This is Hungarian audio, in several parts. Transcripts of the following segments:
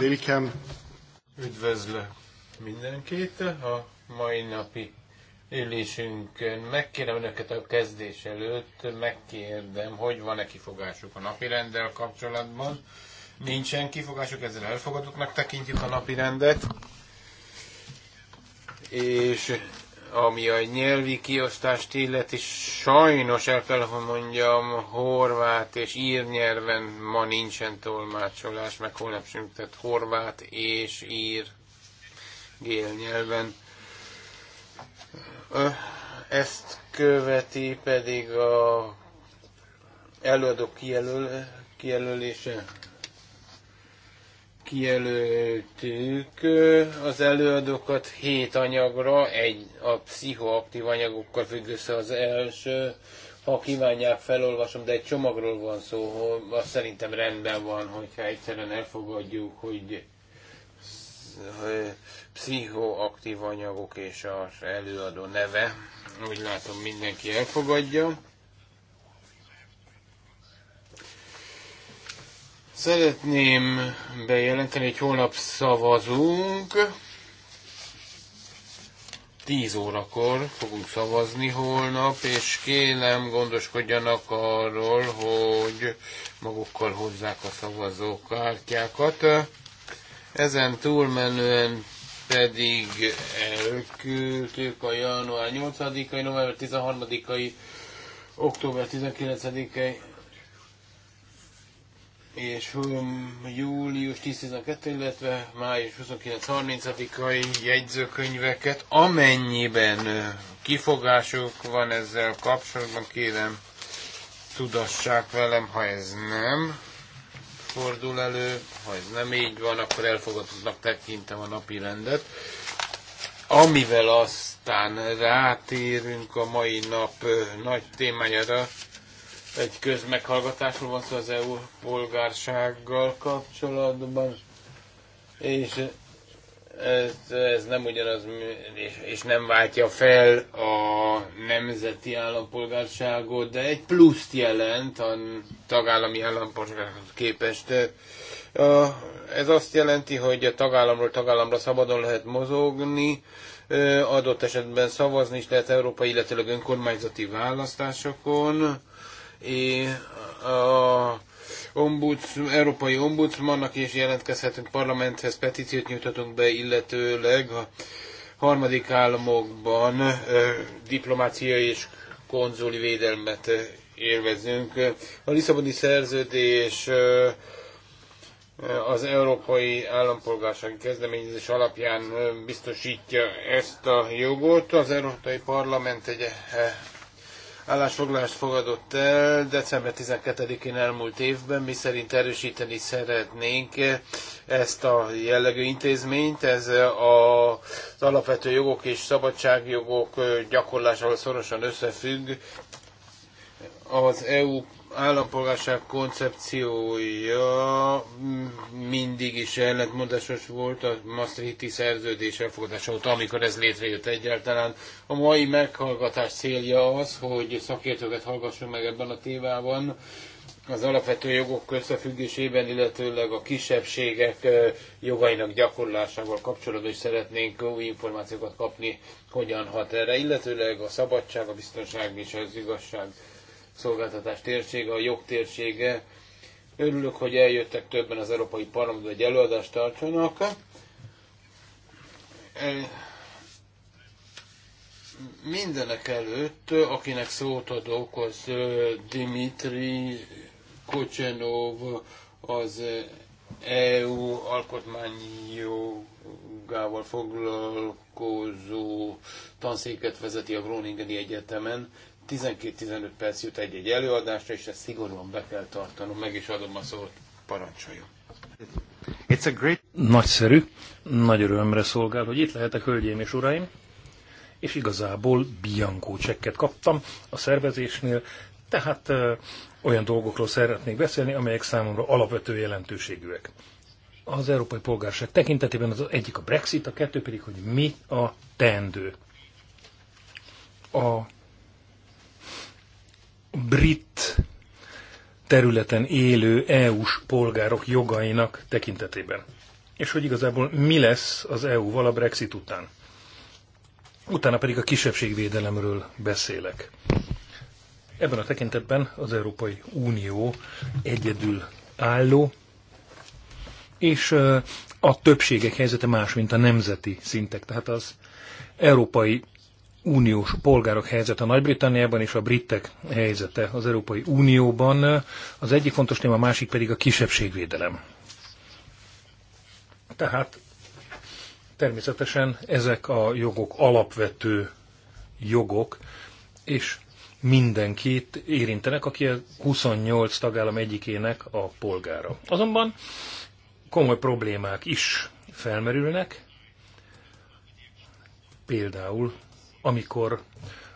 Welcome. Üdvözlök mindenkit a mai napi ülésünkön. Megkérem önöket a kezdés előtt, megkérdem, hogy van-e kifogásuk a napi rendel kapcsolatban. Nincsen kifogásuk, ezzel elfogadottnak tekintjük a napi rendet. És ami a nyelvi kiosztást illeti, sajnos el kell, hogy mondjam, horvát és ír nyelven ma nincsen tolmácsolás, meg holnap sem, tehát horvát és ír gél nyelven. Ezt követi pedig a előadók kijelöl, kijelölése kijelöltük az előadókat hét anyagra, egy a pszichoaktív anyagokkal függ össze az első, ha kívánják, felolvasom, de egy csomagról van szó, azt szerintem rendben van, hogyha egyszerűen elfogadjuk, hogy pszichoaktív anyagok és az előadó neve. Úgy látom, mindenki elfogadja. Szeretném bejelenteni, hogy holnap szavazunk. 10 órakor fogunk szavazni holnap, és kérem gondoskodjanak arról, hogy magukkal hozzák a szavazókártyákat. Ezen túlmenően pedig elküldtük a január 8-ai, november 13-ai, október 19 ai és július 10-12, illetve május 29-30-ai jegyzőkönyveket, amennyiben kifogásuk van ezzel kapcsolatban, kérem, tudassák velem, ha ez nem fordul elő, ha ez nem így van, akkor elfogadottnak tekintem a napi rendet. Amivel aztán rátérünk a mai nap nagy témájára, egy közmeghallgatásról van szó az EU polgársággal kapcsolatban, és ez, ez nem ugyanaz, és, és nem váltja fel a nemzeti állampolgárságot, de egy pluszt jelent a tagállami állampolgársághoz képest. Ez azt jelenti, hogy a tagállamról tagállamra szabadon lehet mozogni, adott esetben szavazni is lehet európai, illetőleg önkormányzati választásokon a ombudsz, európai ombudsmannak is jelentkezhetünk, parlamenthez petíciót nyújthatunk be, illetőleg a harmadik államokban diplomáciai és konzuli védelmet élvezünk. A Lisszaboni szerződés az európai állampolgárság kezdeményezés alapján biztosítja ezt a jogot. Az Európai Parlament egy állásfoglalást fogadott el december 12-én elmúlt évben, mi szerint erősíteni szeretnénk ezt a jellegű intézményt, ez a, az alapvető jogok és szabadságjogok gyakorlásával szorosan összefügg. Az EU állampolgárság koncepciója mindig is ellentmondásos volt a Maastrichti szerződés elfogadása óta, amikor ez létrejött egyáltalán. A mai meghallgatás célja az, hogy szakértőket hallgassunk meg ebben a témában, az alapvető jogok összefüggésében, illetőleg a kisebbségek jogainak gyakorlásával kapcsolatban is szeretnénk új információkat kapni, hogyan hat erre, illetőleg a szabadság, a biztonság és az igazság szolgáltatás térsége, a jog térsége, Örülök, hogy eljöttek többen az Európai Parlamentbe, hogy előadást tartsanak. E, mindenek előtt, akinek szót adok, az Dimitri Kocsenov, az EU jogával foglalkozó tanszéket vezeti a Groningeni Egyetemen, 12-15 perc jut egy-egy előadásra, és ezt szigorúan be kell tartanom. Meg is adom a szót, parancsoljon. It's a great... Nagyszerű, nagy örömre szolgál, hogy itt lehetek, hölgyeim és uraim. És igazából Bianco csekket kaptam a szervezésnél, tehát ö, olyan dolgokról szeretnék beszélni, amelyek számomra alapvető jelentőségűek. Az európai polgárság tekintetében az egyik a Brexit, a kettő pedig, hogy mi a teendő. A brit területen élő EU-s polgárok jogainak tekintetében. És hogy igazából mi lesz az EU-val a Brexit után. Utána pedig a kisebbségvédelemről beszélek. Ebben a tekintetben az Európai Unió egyedül álló, és a többségek helyzete más, mint a nemzeti szintek. Tehát az európai uniós polgárok helyzete Nagy-Britanniában és a britek helyzete az Európai Unióban. Az egyik fontos téma, a másik pedig a kisebbségvédelem. Tehát természetesen ezek a jogok alapvető jogok, és mindenkit érintenek, aki a 28 tagállam egyikének a polgára. Azonban komoly problémák is felmerülnek, például amikor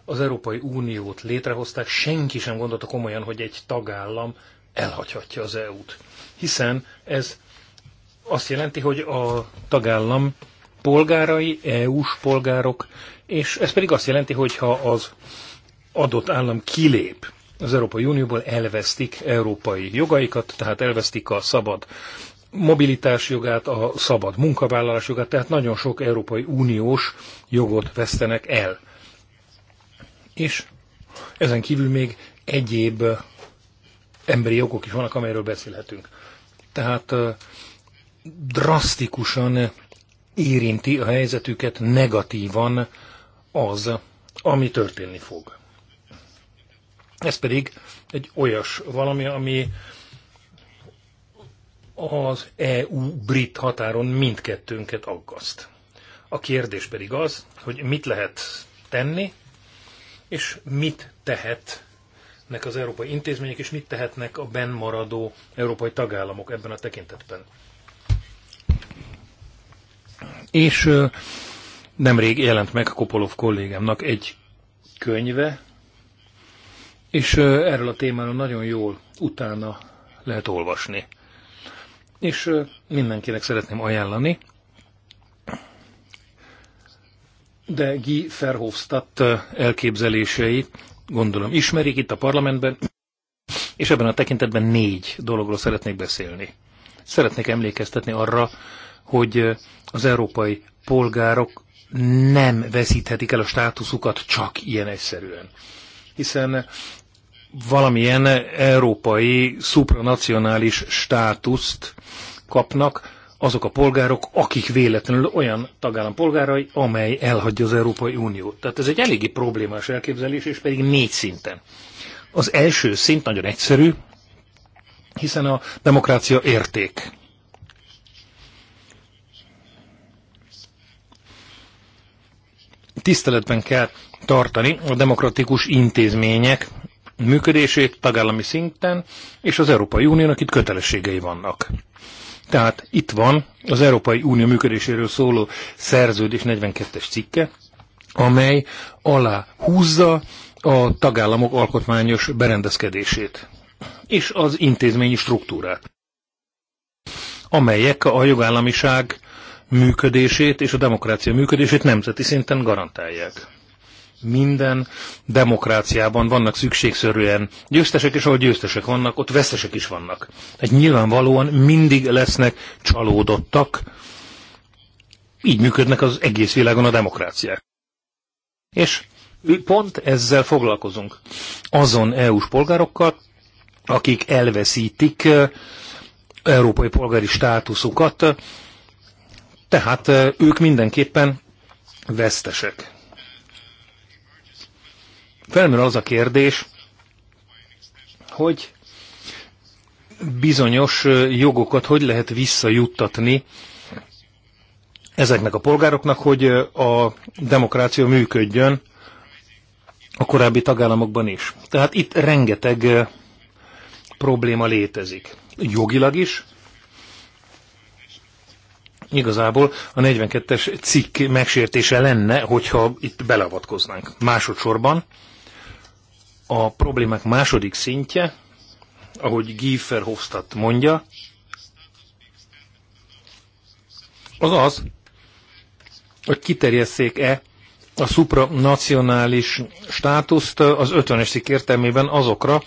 az Európai Uniót létrehozták, senki sem gondolta komolyan, hogy egy tagállam elhagyhatja az EU-t. Hiszen ez azt jelenti, hogy a tagállam polgárai, EU-s polgárok, és ez pedig azt jelenti, hogy ha az adott állam kilép az Európai Unióból, elvesztik európai jogaikat, tehát elvesztik a szabad mobilitás jogát, a szabad munkavállalás jogát, tehát nagyon sok Európai Uniós jogot vesztenek el. És ezen kívül még egyéb emberi jogok is vannak, amelyről beszélhetünk. Tehát drasztikusan érinti a helyzetüket negatívan az, ami történni fog. Ez pedig egy olyas valami, ami az EU-brit határon mindkettőnket aggaszt. A kérdés pedig az, hogy mit lehet tenni, és mit tehetnek az európai intézmények, és mit tehetnek a benmaradó európai tagállamok ebben a tekintetben. És nemrég jelent meg Kopolov kollégámnak egy könyve, és erről a témáról nagyon jól utána lehet olvasni. És mindenkinek szeretném ajánlani, de Guy Verhofstadt elképzeléseit gondolom ismerik itt a parlamentben, és ebben a tekintetben négy dologról szeretnék beszélni. Szeretnék emlékeztetni arra, hogy az európai polgárok nem veszíthetik el a státuszukat csak ilyen egyszerűen. Hiszen valamilyen európai supranacionális státuszt kapnak azok a polgárok, akik véletlenül olyan tagállam polgárai, amely elhagyja az Európai Uniót. Tehát ez egy eléggé problémás elképzelés, és pedig négy szinten. Az első szint nagyon egyszerű, hiszen a demokrácia érték. Tiszteletben kell tartani a demokratikus intézmények működését tagállami szinten, és az Európai Uniónak itt kötelességei vannak. Tehát itt van az Európai Unió működéséről szóló szerződés 42-es cikke, amely alá húzza a tagállamok alkotmányos berendezkedését és az intézményi struktúrát, amelyek a jogállamiság működését és a demokrácia működését nemzeti szinten garantálják minden demokráciában vannak szükségszerűen győztesek, és ahol győztesek vannak, ott vesztesek is vannak. Tehát nyilvánvalóan mindig lesznek csalódottak, így működnek az egész világon a demokráciák. És pont ezzel foglalkozunk. Azon EU-s polgárokkal, akik elveszítik európai polgári státuszukat, tehát ők mindenképpen vesztesek. Felmerül az a kérdés, hogy bizonyos jogokat hogy lehet visszajuttatni ezeknek a polgároknak, hogy a demokrácia működjön a korábbi tagállamokban is. Tehát itt rengeteg probléma létezik. Jogilag is, igazából a 42-es cikk megsértése lenne, hogyha itt beleavatkoznánk. Másodszorban a problémák második szintje, ahogy Giefer Hofstadt mondja, az az, hogy kiterjesszék-e a supranacionális státuszt az 50-es szik értelmében azokra,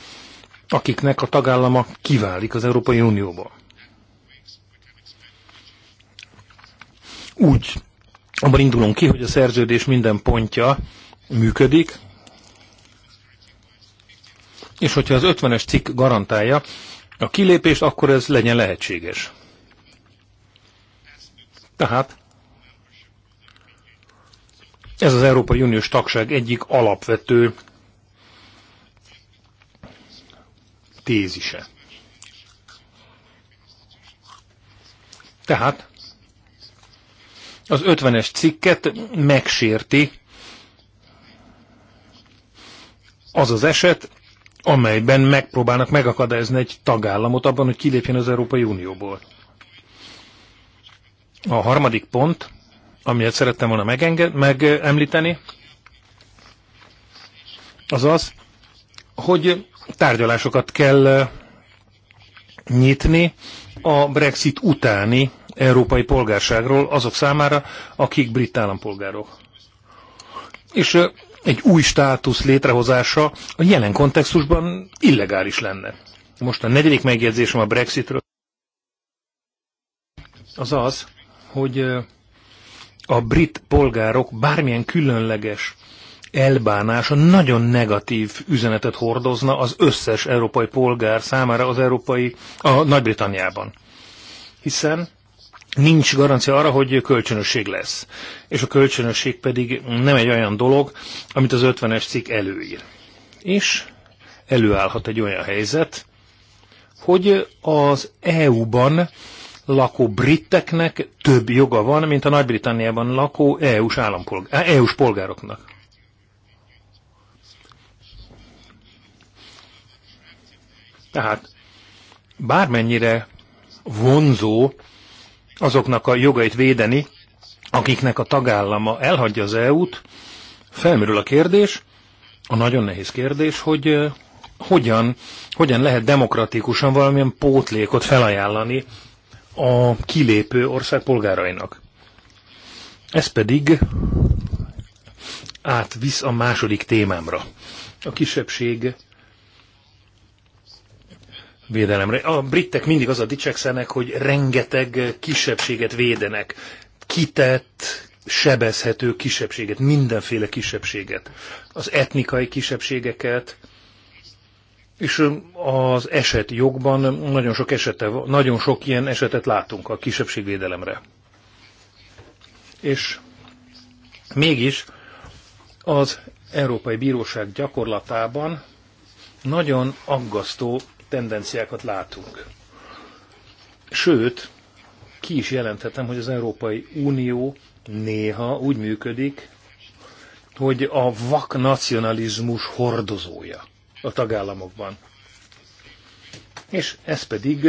akiknek a tagállama kiválik az Európai Unióból. Úgy, abban indulunk ki, hogy a szerződés minden pontja működik, és hogyha az 50-es cikk garantálja a kilépést, akkor ez legyen lehetséges. Tehát ez az Európai Uniós tagság egyik alapvető tézise. Tehát az 50-es cikket megsérti az az eset, amelyben megpróbálnak megakadályozni egy tagállamot abban, hogy kilépjen az Európai Unióból. A harmadik pont, amit szerettem volna megenge- megemlíteni, az az, hogy tárgyalásokat kell eh, nyitni a Brexit utáni európai polgárságról azok számára, akik brit állampolgárok. És eh, egy új státusz létrehozása a jelen kontextusban illegális lenne. Most a negyedik megjegyzésem a Brexitről az az, hogy a brit polgárok bármilyen különleges elbánása nagyon negatív üzenetet hordozna az összes európai polgár számára az európai, a Nagy-Britanniában. Hiszen nincs garancia arra, hogy kölcsönösség lesz. És a kölcsönösség pedig nem egy olyan dolog, amit az 50-es cikk előír. És előállhat egy olyan helyzet, hogy az EU-ban lakó briteknek több joga van, mint a Nagy-Britanniában lakó EU-s, állampolgá EU-s polgároknak. Tehát bármennyire vonzó azoknak a jogait védeni, akiknek a tagállama elhagyja az EU-t, felmerül a kérdés, a nagyon nehéz kérdés, hogy hogyan, hogyan lehet demokratikusan valamilyen pótlékot felajánlani a kilépő ország polgárainak. Ez pedig átvisz a második témámra. A kisebbség védelemre. A britek mindig az a dicsekszenek, hogy rengeteg kisebbséget védenek. Kitett, sebezhető kisebbséget, mindenféle kisebbséget. Az etnikai kisebbségeket, és az eset jogban nagyon sok, esete, nagyon sok ilyen esetet látunk a kisebbségvédelemre. És mégis az Európai Bíróság gyakorlatában nagyon aggasztó tendenciákat látunk. Sőt, ki is jelenthetem, hogy az Európai Unió néha úgy működik, hogy a vak nacionalizmus hordozója a tagállamokban. És ez pedig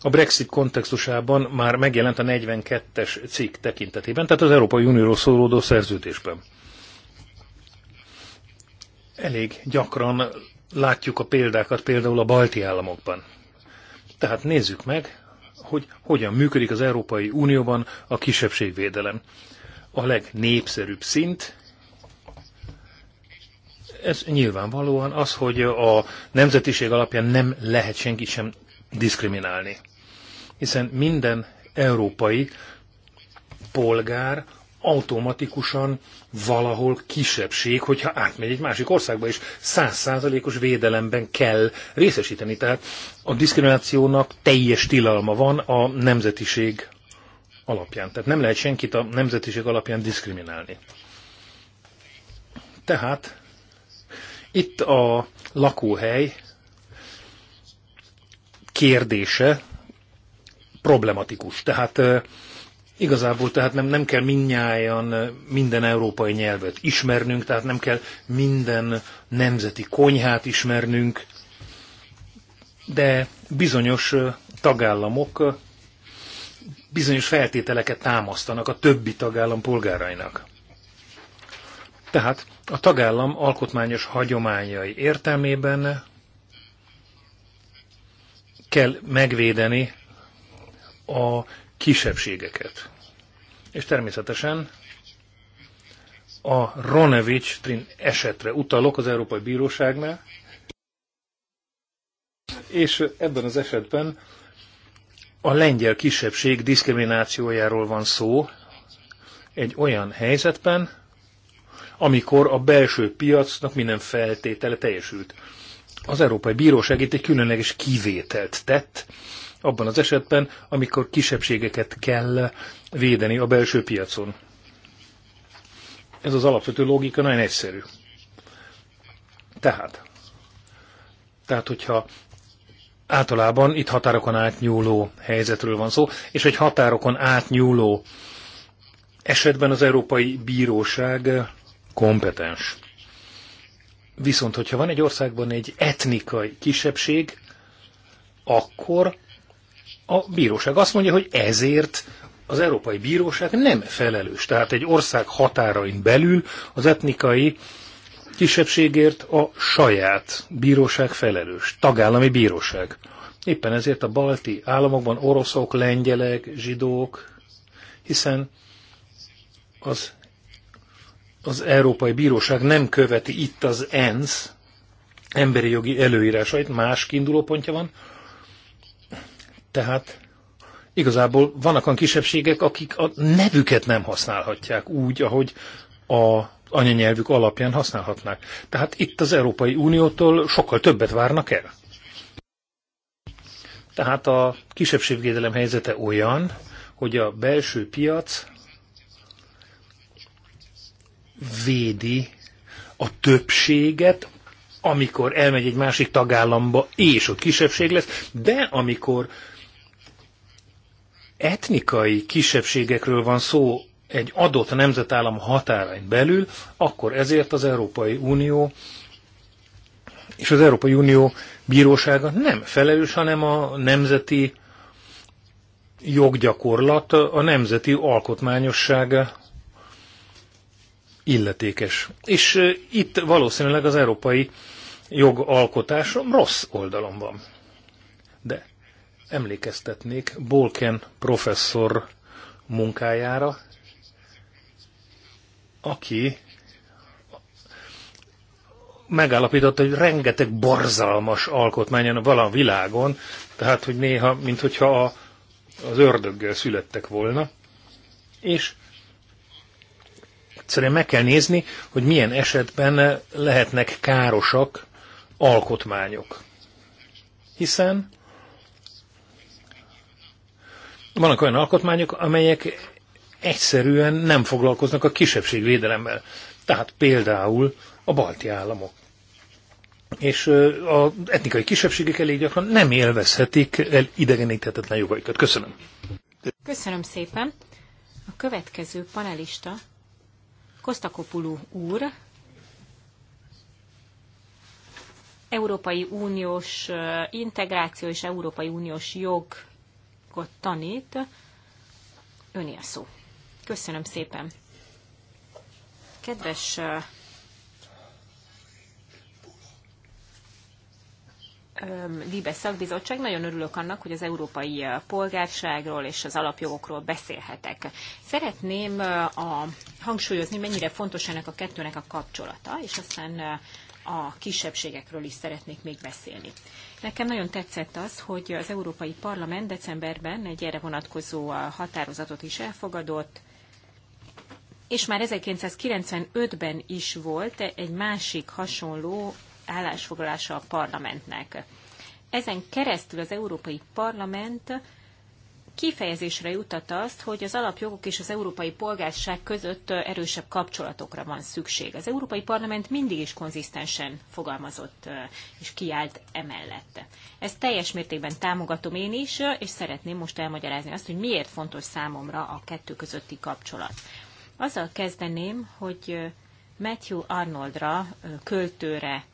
a Brexit kontextusában már megjelent a 42-es cikk tekintetében, tehát az Európai Unióról szólódó szerződésben. Elég gyakran látjuk a példákat például a balti államokban. Tehát nézzük meg, hogy hogyan működik az Európai Unióban a kisebbségvédelem. A legnépszerűbb szint, ez nyilvánvalóan az, hogy a nemzetiség alapján nem lehet senki sem diszkriminálni. Hiszen minden európai polgár automatikusan valahol kisebbség, hogyha átmegy egy másik országba, és százszázalékos védelemben kell részesíteni. Tehát a diszkriminációnak teljes tilalma van a nemzetiség alapján. Tehát nem lehet senkit a nemzetiség alapján diszkriminálni. Tehát itt a lakóhely kérdése problematikus. Tehát Igazából tehát nem, nem kell minnyáján eh, minden európai nyelvet ismernünk, tehát nem kell minden nemzeti konyhát ismernünk, de bizonyos eh, tagállamok eh, bizonyos feltételeket támasztanak a többi tagállam polgárainak. Tehát a tagállam alkotmányos hagyományai értelmében kell megvédeni a kisebbségeket. És természetesen a Ronevics Trin esetre utalok az Európai Bíróságnál, és ebben az esetben a lengyel kisebbség diszkriminációjáról van szó egy olyan helyzetben, amikor a belső piacnak minden feltétele teljesült. Az Európai Bíróság itt egy különleges kivételt tett, abban az esetben, amikor kisebbségeket kell védeni a belső piacon. Ez az alapvető logika nagyon egyszerű. Tehát, tehát hogyha általában itt határokon átnyúló helyzetről van szó, és egy határokon átnyúló esetben az Európai Bíróság kompetens. Viszont, hogyha van egy országban egy etnikai kisebbség, akkor a bíróság azt mondja, hogy ezért az Európai Bíróság nem felelős. Tehát egy ország határain belül az etnikai kisebbségért a saját bíróság felelős, tagállami bíróság. Éppen ezért a balti államokban oroszok, lengyelek, zsidók, hiszen az, az Európai Bíróság nem követi itt az ENSZ emberi jogi előírásait, más kiinduló pontja van, tehát igazából vannak olyan kisebbségek, akik a nevüket nem használhatják úgy, ahogy a anyanyelvük alapján használhatnák. Tehát itt az Európai Uniótól sokkal többet várnak el. Tehát a kisebbségvédelem helyzete olyan, hogy a belső piac védi a többséget, amikor elmegy egy másik tagállamba, és ott kisebbség lesz, de amikor etnikai kisebbségekről van szó egy adott nemzetállam határain belül, akkor ezért az Európai Unió és az Európai Unió bírósága nem felelős, hanem a nemzeti joggyakorlat, a nemzeti alkotmányosság illetékes. És eh, itt valószínűleg az európai jogalkotás rossz oldalon van emlékeztetnék Bolken professzor munkájára, aki megállapította, hogy rengeteg borzalmas alkotmányon van a világon, tehát hogy néha, mint hogyha a, az ördöggel születtek volna, és egyszerűen meg kell nézni, hogy milyen esetben lehetnek károsak alkotmányok. Hiszen vannak olyan alkotmányok, amelyek egyszerűen nem foglalkoznak a kisebbségvédelemmel. Tehát például a balti államok. És az etnikai kisebbségek elég gyakran nem élvezhetik el idegeníthetetlen jogaikat. Köszönöm. Köszönöm szépen. A következő panelista Kostakopulú úr, Európai Uniós integráció és Európai Uniós jog diákot tanít. Önél szó. Köszönöm szépen. Kedves Libe szakbizottság, nagyon örülök annak, hogy az európai polgárságról és az alapjogokról beszélhetek. Szeretném a, hangsúlyozni, mennyire fontos ennek a kettőnek a kapcsolata, és aztán a kisebbségekről is szeretnék még beszélni. Nekem nagyon tetszett az, hogy az Európai Parlament decemberben egy erre vonatkozó határozatot is elfogadott, és már 1995-ben is volt egy másik hasonló állásfoglalása a parlamentnek. Ezen keresztül az Európai Parlament kifejezésre jutat azt, hogy az alapjogok és az európai polgárság között erősebb kapcsolatokra van szükség. Az Európai Parlament mindig is konzisztensen fogalmazott és kiállt emellett. Ezt teljes mértékben támogatom én is, és szeretném most elmagyarázni azt, hogy miért fontos számomra a kettő közötti kapcsolat. Azzal kezdeném, hogy Matthew Arnoldra, költőre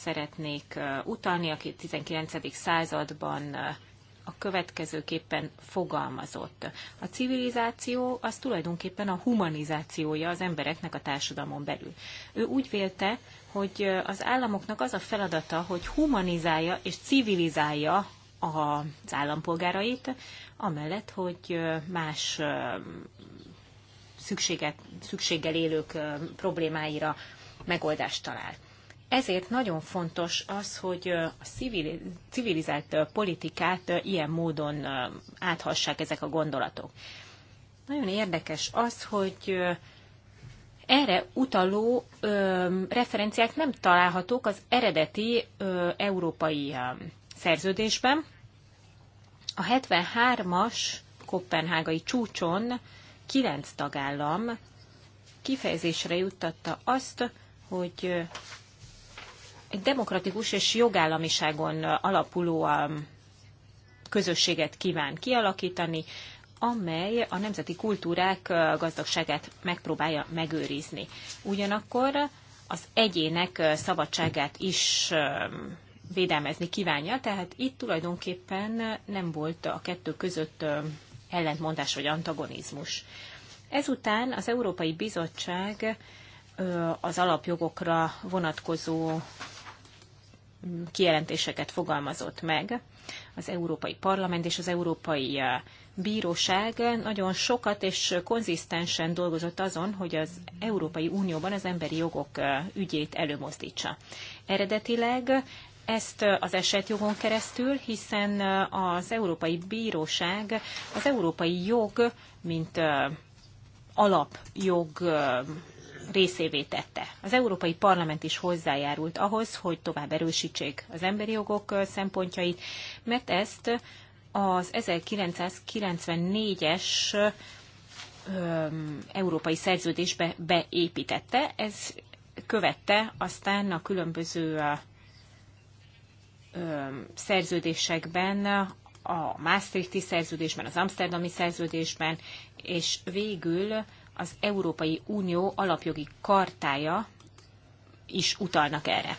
szeretnék utalni, aki 19. században a következőképpen fogalmazott. A civilizáció az tulajdonképpen a humanizációja az embereknek a társadalmon belül. Ő úgy vélte, hogy az államoknak az a feladata, hogy humanizálja és civilizálja az állampolgárait, amellett, hogy más szükséget, szükséggel élők problémáira megoldást talál. Ezért nagyon fontos az, hogy a civilizált politikát ilyen módon áthassák ezek a gondolatok. Nagyon érdekes az, hogy erre utaló ö, referenciák nem találhatók az eredeti ö, európai ö, szerződésben. A 73-as kopenhágai csúcson kilenc tagállam kifejezésre juttatta azt, hogy egy demokratikus és jogállamiságon alapuló közösséget kíván kialakítani, amely a nemzeti kultúrák gazdagságát megpróbálja megőrizni. Ugyanakkor az egyének szabadságát is védelmezni kívánja, tehát itt tulajdonképpen nem volt a kettő között ellentmondás vagy antagonizmus. Ezután az Európai Bizottság az alapjogokra vonatkozó kijelentéseket fogalmazott meg az Európai Parlament és az Európai uh, Bíróság. Nagyon sokat és konzisztensen dolgozott azon, hogy az Európai Unióban az emberi jogok uh, ügyét előmozdítsa. Eredetileg ezt uh, az esetjogon keresztül, hiszen az Európai Bíróság az európai jog, mint alapjog részévé tette. Az Európai Parlament is hozzájárult ahhoz, hogy tovább erősítsék az emberi jogok szempontjait, mert ezt az 1994-es európai szerződésbe beépítette. Ez követte aztán a különböző szerződésekben, a Maastrichti szerződésben, az Amsterdami szerződésben, és végül az Európai Unió alapjogi kartája is utalnak erre.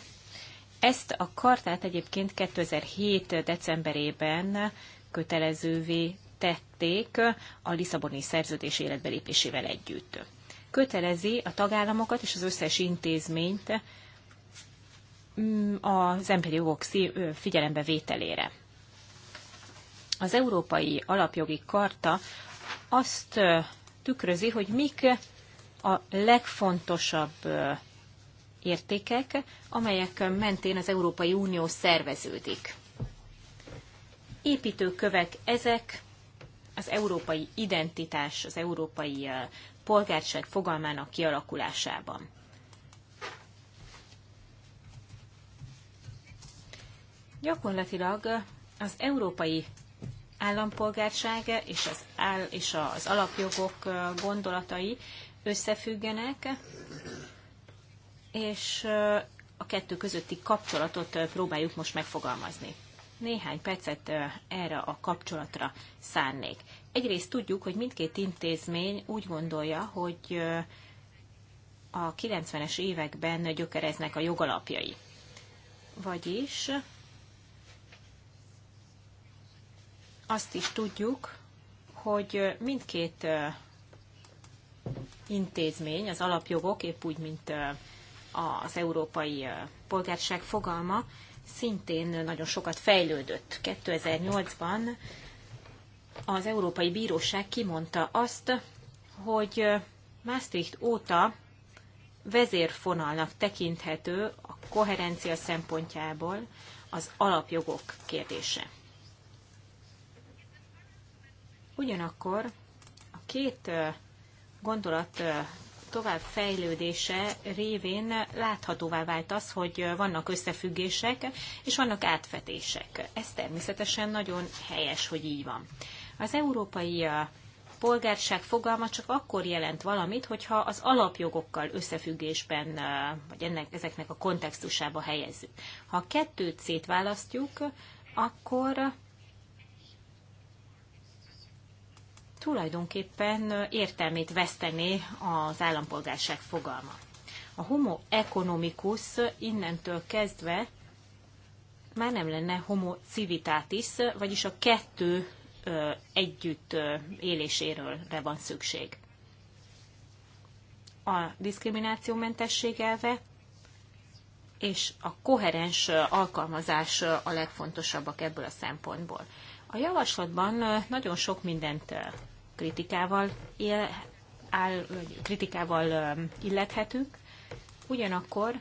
Ezt a kartát egyébként 2007. decemberében kötelezővé tették a Lisszaboni szerződés életbelépésével együtt. Kötelezi a tagállamokat és az összes intézményt mm, az emberi jogok figyelembe vételére. Az Európai Alapjogi Karta azt tükrözi, hogy mik a legfontosabb értékek, amelyek mentén az Európai Unió szerveződik. Építőkövek ezek az európai identitás, az európai polgárság fogalmának kialakulásában. Gyakorlatilag az európai állampolgársága és az, áll, és az alapjogok gondolatai összefüggenek, és a kettő közötti kapcsolatot próbáljuk most megfogalmazni. Néhány percet erre a kapcsolatra szánnék. Egyrészt tudjuk, hogy mindkét intézmény úgy gondolja, hogy a 90-es években gyökereznek a jogalapjai. Vagyis azt is tudjuk, hogy mindkét intézmény, az alapjogok, épp úgy, mint az európai polgárság fogalma, szintén nagyon sokat fejlődött. 2008-ban az Európai Bíróság kimondta azt, hogy Maastricht óta vezérfonalnak tekinthető a koherencia szempontjából az alapjogok kérdése. Ugyanakkor a két gondolat tovább fejlődése révén láthatóvá vált az, hogy vannak összefüggések és vannak átfedések. Ez természetesen nagyon helyes, hogy így van. Az európai polgárság fogalma csak akkor jelent valamit, hogyha az alapjogokkal összefüggésben, vagy ennek, ezeknek a kontextusába helyezzük. Ha a kettőt szétválasztjuk, akkor tulajdonképpen értelmét vesztené az állampolgárság fogalma. A homo economicus innentől kezdve már nem lenne homo civitatis, vagyis a kettő együtt éléséről van szükség. A diszkriminációmentesség elve és a koherens alkalmazás a legfontosabbak ebből a szempontból. A javaslatban nagyon sok mindent kritikával, él, áll, kritikával illethetünk, ugyanakkor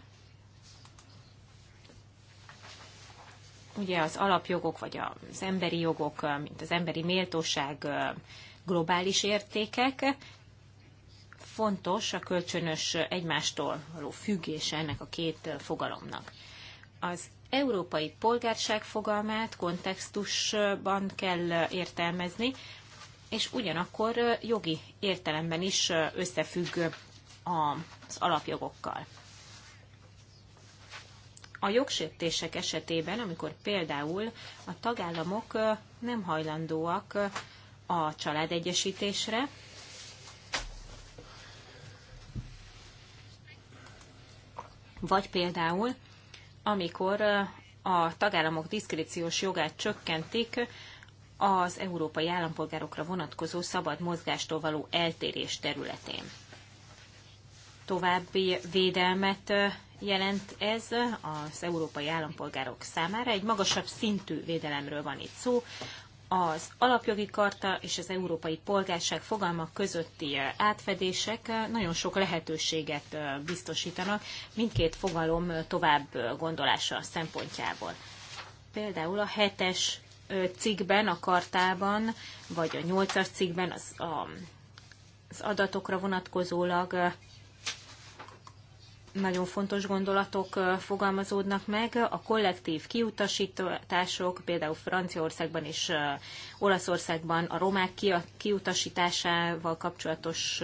ugye az alapjogok, vagy az emberi jogok, mint az emberi méltóság globális értékek, fontos a kölcsönös egymástól való függése ennek a két fogalomnak. Az európai polgárság fogalmát kontextusban kell értelmezni, és ugyanakkor jogi értelemben is összefügg az alapjogokkal. A jogsértések esetében, amikor például a tagállamok nem hajlandóak a családegyesítésre, vagy például, amikor a tagállamok diszkréciós jogát csökkentik az európai állampolgárokra vonatkozó szabad mozgástól való eltérés területén. További védelmet jelent ez az európai állampolgárok számára. Egy magasabb szintű védelemről van itt szó. Az alapjogi karta és az európai polgárság fogalmak közötti átfedések nagyon sok lehetőséget biztosítanak mindkét fogalom tovább gondolása szempontjából. Például a hetes cikkben, a kartában, vagy a nyolcas cikkben az, a, az adatokra vonatkozólag nagyon fontos gondolatok fogalmazódnak meg. A kollektív kiutasítások, például Franciaországban és Olaszországban a romák kiutasításával kapcsolatos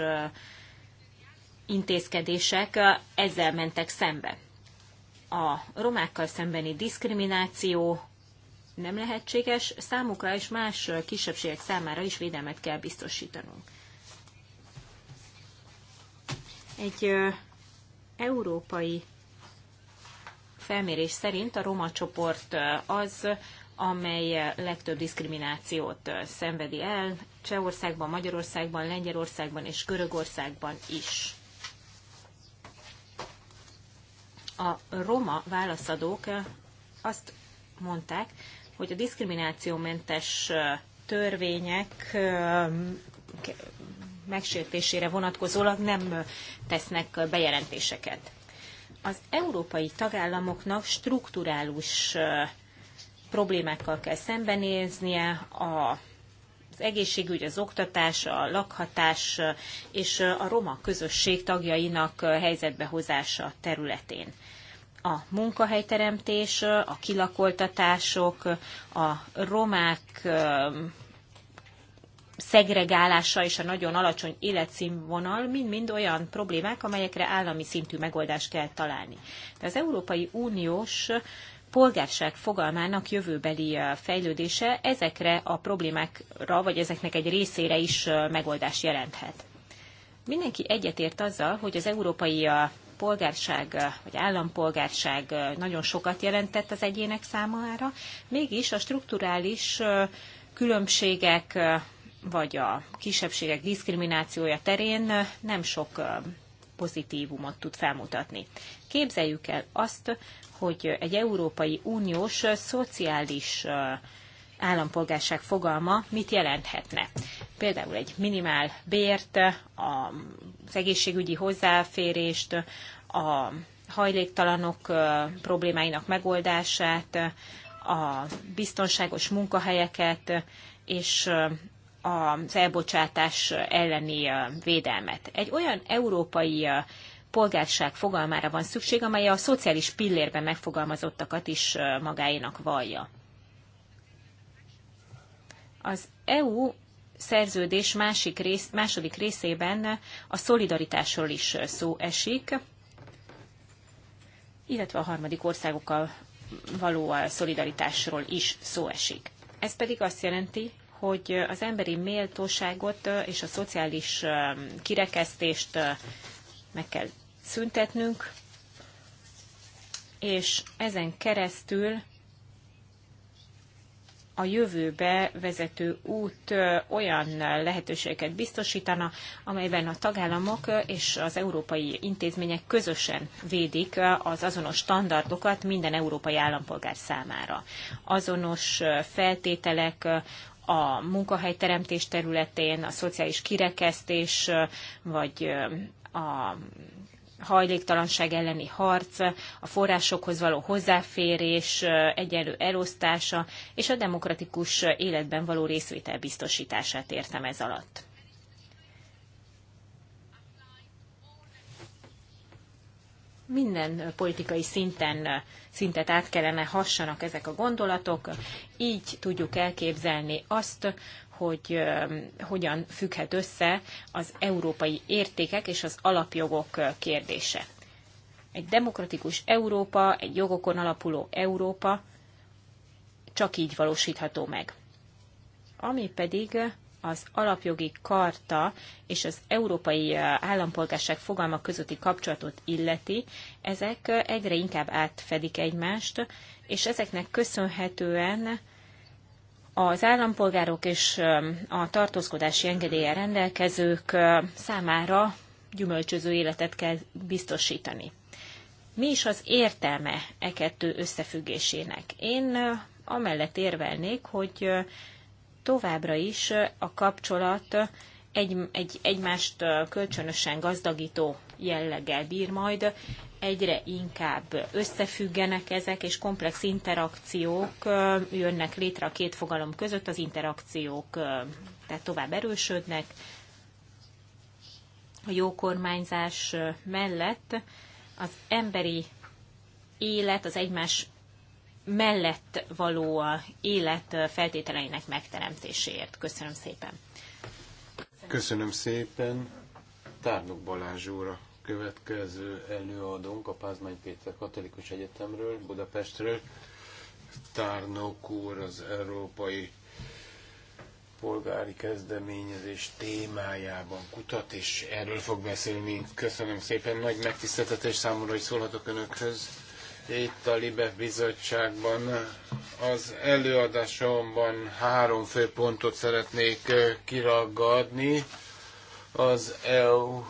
intézkedések ezzel mentek szembe. A romákkal szembeni diszkrimináció nem lehetséges, számukra és más kisebbségek számára is védelmet kell biztosítanunk. Egy ö, európai felmérés szerint a roma csoport az, amely legtöbb diszkriminációt szenvedi el Csehországban, Magyarországban, Lengyelországban és Görögországban is. A roma válaszadók azt mondták, hogy a diszkriminációmentes törvények megsértésére vonatkozólag nem tesznek bejelentéseket. Az európai tagállamoknak strukturális problémákkal kell szembenéznie, a az egészségügy, az oktatás, a lakhatás és a roma közösség tagjainak helyzetbehozása területén a munkahelyteremtés, a kilakoltatások, a romák szegregálása és a nagyon alacsony életszínvonal mind-mind olyan problémák, amelyekre állami szintű megoldást kell találni. De az Európai Uniós polgárság fogalmának jövőbeli fejlődése ezekre a problémákra, vagy ezeknek egy részére is megoldást jelenthet. Mindenki egyetért azzal, hogy az európai polgárság vagy állampolgárság nagyon sokat jelentett az egyének számára, mégis a strukturális különbségek vagy a kisebbségek diszkriminációja terén nem sok pozitívumot tud felmutatni. Képzeljük el azt, hogy egy Európai Uniós szociális állampolgárság fogalma mit jelenthetne. Például egy minimál bért, a az egészségügyi hozzáférést, a hajléktalanok problémáinak megoldását, a biztonságos munkahelyeket és az elbocsátás elleni védelmet. Egy olyan európai polgárság fogalmára van szükség, amely a szociális pillérben megfogalmazottakat is magáénak vallja. Az EU szerződés másik rész, második részében a szolidaritásról is szó esik, illetve a harmadik országokkal való a szolidaritásról is szó esik. Ez pedig azt jelenti, hogy az emberi méltóságot és a szociális kirekesztést meg kell szüntetnünk, és ezen keresztül a jövőbe vezető út olyan lehetőségeket biztosítana, amelyben a tagállamok és az európai intézmények közösen védik az azonos standardokat minden európai állampolgár számára. Azonos feltételek a munkahelyteremtés területén, a szociális kirekesztés, vagy a hajléktalanság elleni harc, a forrásokhoz való hozzáférés, egyenlő elosztása és a demokratikus életben való részvétel biztosítását értem ez alatt. minden politikai szinten, szintet át kellene hassanak ezek a gondolatok, így tudjuk elképzelni azt, hogy hogyan függhet össze az európai értékek és az alapjogok kérdése. Egy demokratikus Európa, egy jogokon alapuló Európa csak így valósítható meg. Ami pedig az alapjogi karta és az európai állampolgárság fogalma közötti kapcsolatot illeti, ezek egyre inkább átfedik egymást, és ezeknek köszönhetően az állampolgárok és a tartózkodási engedélye rendelkezők számára gyümölcsöző életet kell biztosítani. Mi is az értelme e kettő összefüggésének? Én amellett érvelnék, hogy továbbra is a kapcsolat egy, egy, egymást kölcsönösen gazdagító jelleggel bír majd, egyre inkább összefüggenek ezek, és komplex interakciók jönnek létre a két fogalom között, az interakciók tehát tovább erősödnek. A jó kormányzás mellett az emberi élet, az egymás mellett való élet feltételeinek megteremtéséért. Köszönöm szépen. Köszönöm szépen. Tárnok Balázs úr a következő előadónk a Pázmány Péter Katolikus Egyetemről, Budapestről. Tárnok úr az Európai Polgári Kezdeményezés témájában kutat, és erről fog beszélni. Köszönöm szépen, nagy megtiszteltetés számomra, hogy szólhatok Önökhöz. Itt a Libe Bizottságban az előadásomban három fő pontot szeretnék kiragadni. Az EU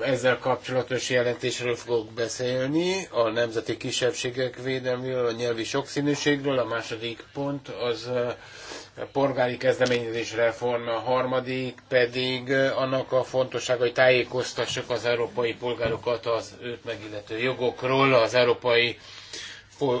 ezzel kapcsolatos jelentésről fogok beszélni, a nemzeti kisebbségek védelméről, a nyelvi sokszínűségről, a második pont az a polgári kezdeményezés reform, a harmadik pedig annak a fontossága, hogy tájékoztassuk az európai polgárokat az őt megillető jogokról, az európai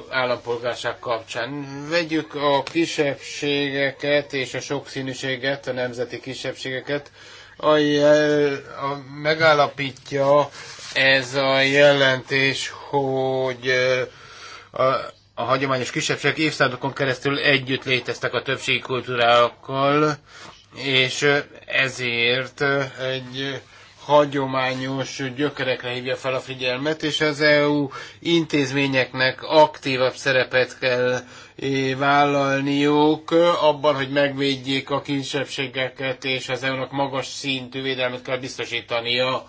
állampolgárság kapcsán. Vegyük a kisebbségeket és a sokszínűséget, a nemzeti kisebbségeket, a, jel, a megállapítja ez a jelentés, hogy a, a hagyományos kisebbségek évszázadokon keresztül együtt léteztek a többségi kultúrákkal, és ezért egy hagyományos gyökerekre hívja fel a figyelmet, és az EU intézményeknek aktívabb szerepet kell vállalniuk abban, hogy megvédjék a kisebbségeket, és az EU-nak magas szintű védelmet kell biztosítania.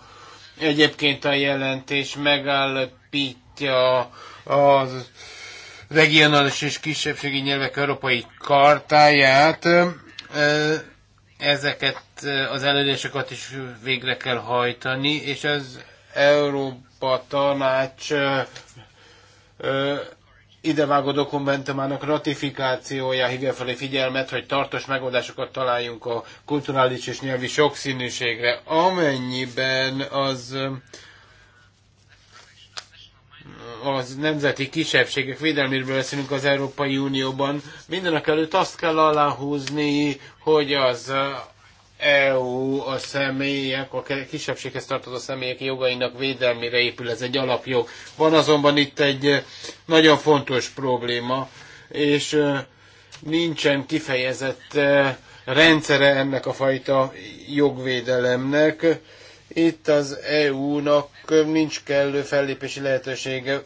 Egyébként a jelentés megállapítja az regionális és kisebbségi nyelvek európai kartáját, ezeket eh, az elődéseket is végre kell hajtani, és az Európa Tanács eh, eh, idevágó dokumentumának ratifikációja hívja felé figyelmet, hogy tartós megoldásokat találjunk a kulturális és nyelvi sokszínűségre, amennyiben az az nemzeti kisebbségek védelméről beszélünk az Európai Unióban, mindenek előtt azt kell aláhúzni, hogy az EU a személyek, a kisebbséghez tartozó személyek jogainak védelmére épül, ez egy alapjog. Van azonban itt egy nagyon fontos probléma, és nincsen kifejezett rendszere ennek a fajta jogvédelemnek. Itt az EU-nak nincs kellő fellépési lehetősége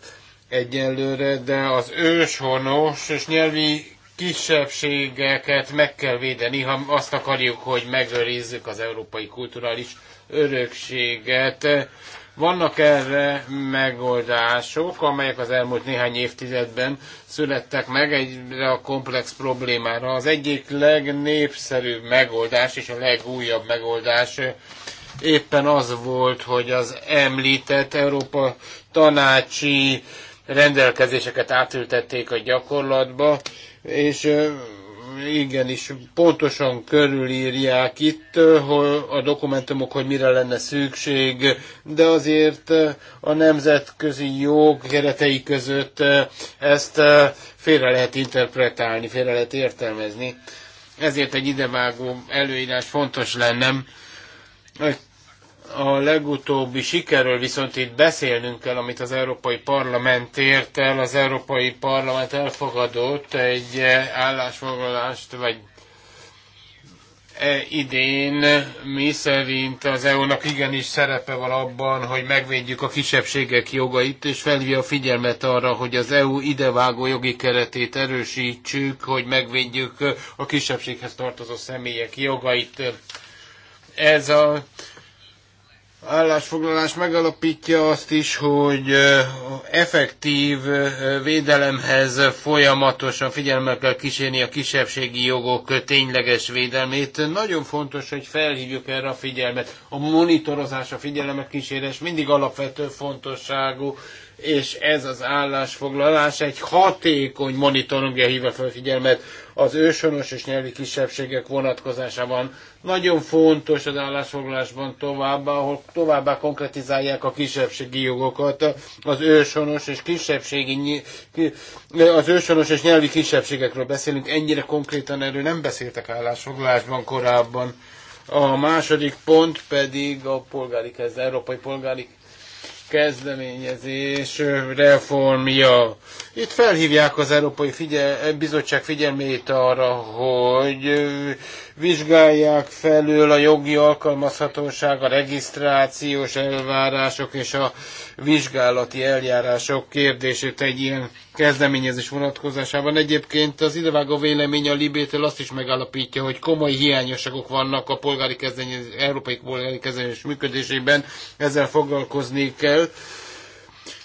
egyelőre, de az őshonos és nyelvi kisebbségeket meg kell védeni, ha azt akarjuk, hogy megőrizzük az európai kulturális örökséget. Vannak erre megoldások, amelyek az elmúlt néhány évtizedben születtek meg egyre a komplex problémára. Az egyik legnépszerűbb megoldás és a legújabb megoldás éppen az volt, hogy az említett Európa tanácsi rendelkezéseket átültették a gyakorlatba, és igenis pontosan körülírják itt hogy a dokumentumok, hogy mire lenne szükség, de azért a nemzetközi jog keretei között ezt félre lehet interpretálni, félre lehet értelmezni. Ezért egy idevágó előírás fontos lenne. A legutóbbi sikerről viszont itt beszélnünk kell, amit az Európai Parlament ért el. Az Európai Parlament elfogadott egy eh, állásfoglalást, vagy eh, idén, mi szerint az EU-nak igenis szerepe van abban, hogy megvédjük a kisebbségek jogait, és felhívja a figyelmet arra, hogy az EU idevágó jogi keretét erősítsük, hogy megvédjük a kisebbséghez tartozó személyek jogait. Ez a állásfoglalás megalapítja azt is, hogy effektív védelemhez folyamatosan figyelemmel kell kísérni a kisebbségi jogok tényleges védelmét. Nagyon fontos, hogy felhívjuk erre a figyelmet. A monitorozás, a figyelemek kísérés mindig alapvető fontosságú, és ez az állásfoglalás egy hatékony monitoringja hívja fel figyelmet az őshonos és nyelvi kisebbségek vonatkozásában. Nagyon fontos az állásfoglalásban továbbá, ahol továbbá konkretizálják a kisebbségi jogokat az őshonos és kisebbségi, az őshonos és nyelvi kisebbségekről beszélünk, ennyire konkrétan erről nem beszéltek állásfoglalásban korábban. A második pont pedig a polgári kezdet, európai polgári kezdeményezés reformja. Itt felhívják az Európai Figyel- Bizottság figyelmét arra, hogy vizsgálják felül a jogi alkalmazhatóság, a regisztrációs elvárások és a vizsgálati eljárások kérdését egy ilyen kezdeményezés vonatkozásában. Egyébként az idevágó vélemény a Libétől azt is megállapítja, hogy komoly hiányosságok vannak a polgári kezdeményezés, európai polgári kezdeményezés működésében, ezzel foglalkozni kell.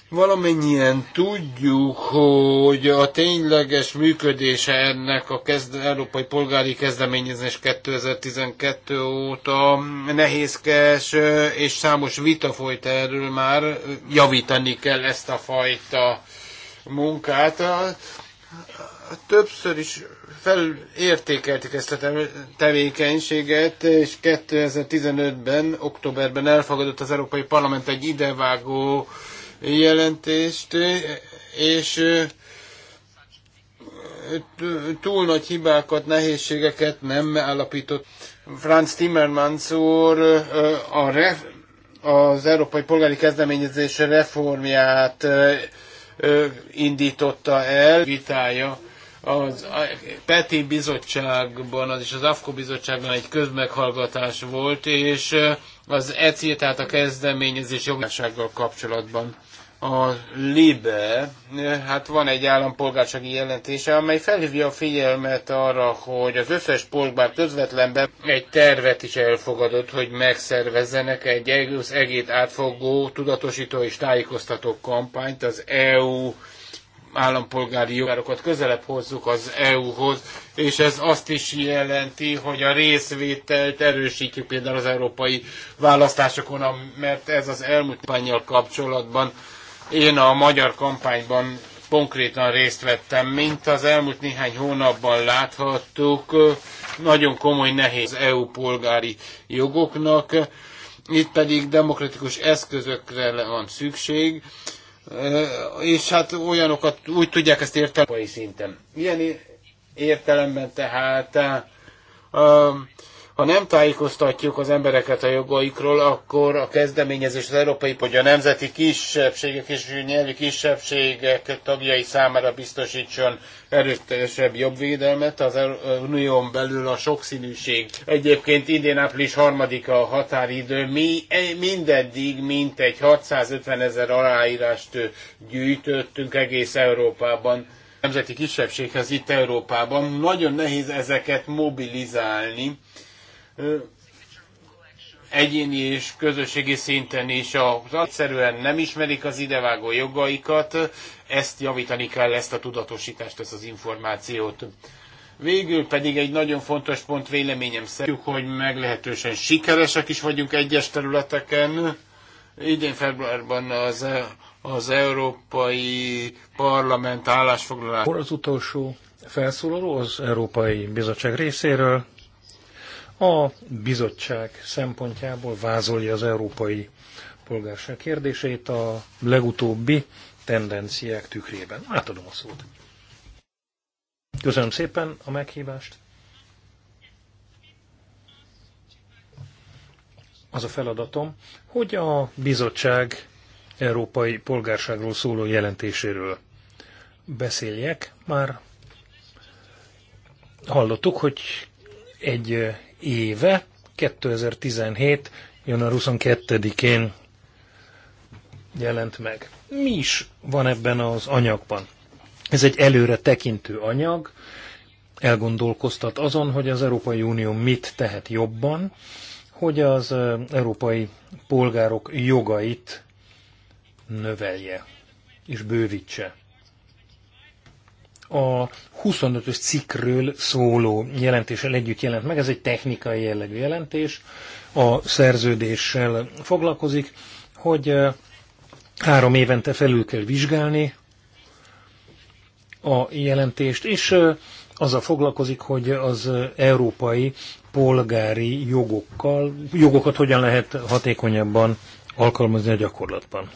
Valamennyien tudjuk, hogy a tényleges működése ennek a kezd, európai polgári kezdeményezés 2012 óta nehézkes, és számos vita folyt erről már, javítani kell ezt a fajta munkát. A, többször is felértékeltik ezt a tevékenységet, és 2015-ben, októberben elfogadott az Európai Parlament egy idevágó jelentést, és túl nagy hibákat, nehézségeket nem állapított. Franz Timmermans úr a ref, az Európai Polgári Kezdeményezés reformját indította el vitája az Peti bizottságban, az is az AFKO bizottságban egy közmeghallgatás volt, és az ECI, tehát a kezdeményezés jogásággal kapcsolatban. A LIBE, hát van egy állampolgársági jelentése, amely felhívja a figyelmet arra, hogy az összes polgár közvetlenben egy tervet is elfogadott, hogy megszervezzenek egy egész egét átfogó tudatosító és tájékoztató kampányt az EU állampolgári jogárokat közelebb hozzuk az EU-hoz, és ez azt is jelenti, hogy a részvételt erősítjük például az európai választásokon, mert ez az elmúlt kampányjal kapcsolatban én a magyar kampányban konkrétan részt vettem, mint az elmúlt néhány hónapban láthattuk, nagyon komoly nehéz EU polgári jogoknak, itt pedig demokratikus eszközökre van szükség, eh, és hát olyanokat úgy tudják ezt értelmezni szinten. Ilyen értelemben tehát eh, ha nem tájékoztatjuk az embereket a jogaikról, akkor a kezdeményezés az európai, vagy a nemzeti kisebbségek és nyelvi kisebbségek tagjai számára biztosítson erőteljesebb jobb védelmet az unión belül a sokszínűség. Egyébként idén április harmadika a határidő. Mi e, mindeddig mintegy 650 ezer aláírást gyűjtöttünk egész Európában nemzeti kisebbséghez itt Európában. Nagyon nehéz ezeket mobilizálni, egyéni és közösségi szinten is az egyszerűen nem ismerik az idevágó jogaikat, ezt javítani kell, ezt a tudatosítást, ezt az információt. Végül pedig egy nagyon fontos pont véleményem szerint, hogy meglehetősen sikeresek is vagyunk egyes területeken. Idén februárban az, az Európai Parlament állásfoglalás. Az utolsó felszólaló az Európai Bizottság részéről a bizottság szempontjából vázolja az európai polgárság kérdését a legutóbbi tendenciák tükrében. Átadom a szót. Köszönöm szépen a meghívást. Az a feladatom, hogy a bizottság európai polgárságról szóló jelentéséről beszéljek. Már hallottuk, hogy egy éve, 2017. január 22-én jelent meg. Mi is van ebben az anyagban? Ez egy előre tekintő anyag, elgondolkoztat azon, hogy az Európai Unió mit tehet jobban, hogy az európai polgárok jogait növelje és bővítse a 25-ös cikkről szóló jelentéssel együtt jelent meg. Ez egy technikai jellegű jelentés, a szerződéssel foglalkozik, hogy három évente felül kell vizsgálni a jelentést, és azzal foglalkozik, hogy az európai polgári jogokkal, jogokat hogyan lehet hatékonyabban alkalmazni a gyakorlatban.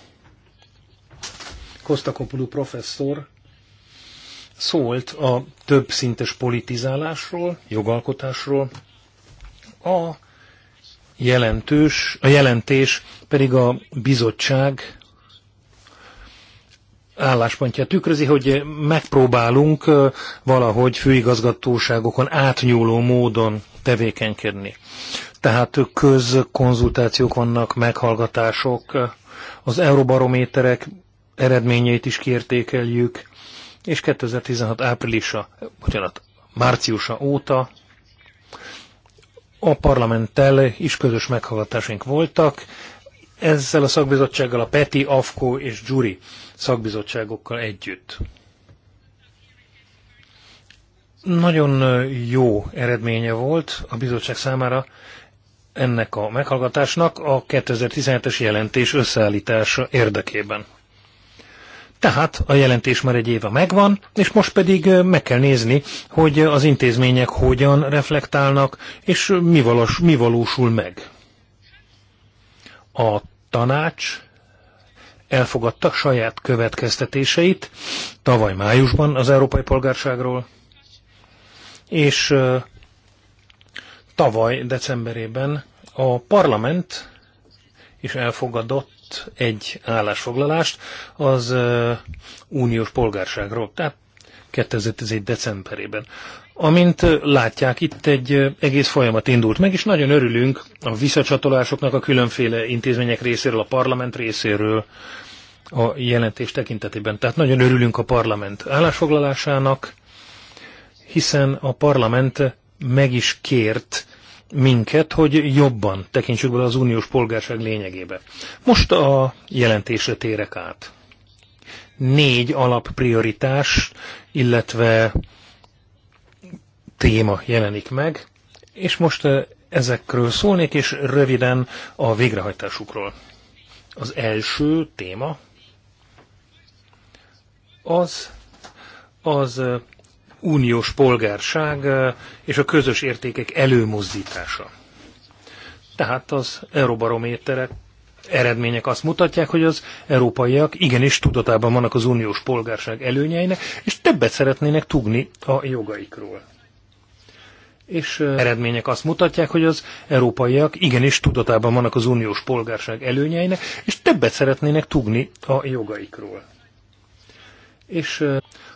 Kostakopulu professzor szólt a többszintes politizálásról, jogalkotásról, a jelentős, a jelentés pedig a bizottság álláspontja tükrözi, hogy megpróbálunk valahogy főigazgatóságokon átnyúló módon tevékenykedni. Tehát közkonzultációk vannak, meghallgatások, az eurobarométerek eredményeit is kiértékeljük, és 2016 áprilisa, bocsánat, márciusa óta a parlamenttel is közös meghallgatásaink voltak. Ezzel a szakbizottsággal a PETI, AFKO és Gyuri szakbizottságokkal együtt. Nagyon jó eredménye volt a bizottság számára ennek a meghallgatásnak a 2017-es jelentés összeállítása érdekében. Tehát a jelentés már egy éve megvan, és most pedig meg kell nézni, hogy az intézmények hogyan reflektálnak, és mi, valós, mi valósul meg. A tanács elfogadta saját következtetéseit tavaly májusban az európai polgárságról, és tavaly decemberében a parlament is elfogadott egy állásfoglalást az uniós polgárságról, tehát 2017. decemberében. Amint látják, itt egy egész folyamat indult meg, és nagyon örülünk a visszacsatolásoknak a különféle intézmények részéről, a parlament részéről a jelentés tekintetében. Tehát nagyon örülünk a parlament állásfoglalásának, hiszen a parlament meg is kért minket, hogy jobban tekintsük bele az uniós polgárság lényegébe. Most a jelentésre térek át. Négy alapprioritás, illetve téma jelenik meg, és most eh, ezekről szólnék, és röviden a végrehajtásukról. Az első téma az az eh, uniós polgárság és a közös értékek előmozdítása. Tehát az Euróbarométerek eredmények azt mutatják, hogy az európaiak igenis tudatában vannak az uniós polgárság előnyeinek, és többet szeretnének tudni a jogaikról. És eredmények azt mutatják, hogy az európaiak igenis tudatában vannak az uniós polgárság előnyeinek, és többet szeretnének tudni a jogaikról. És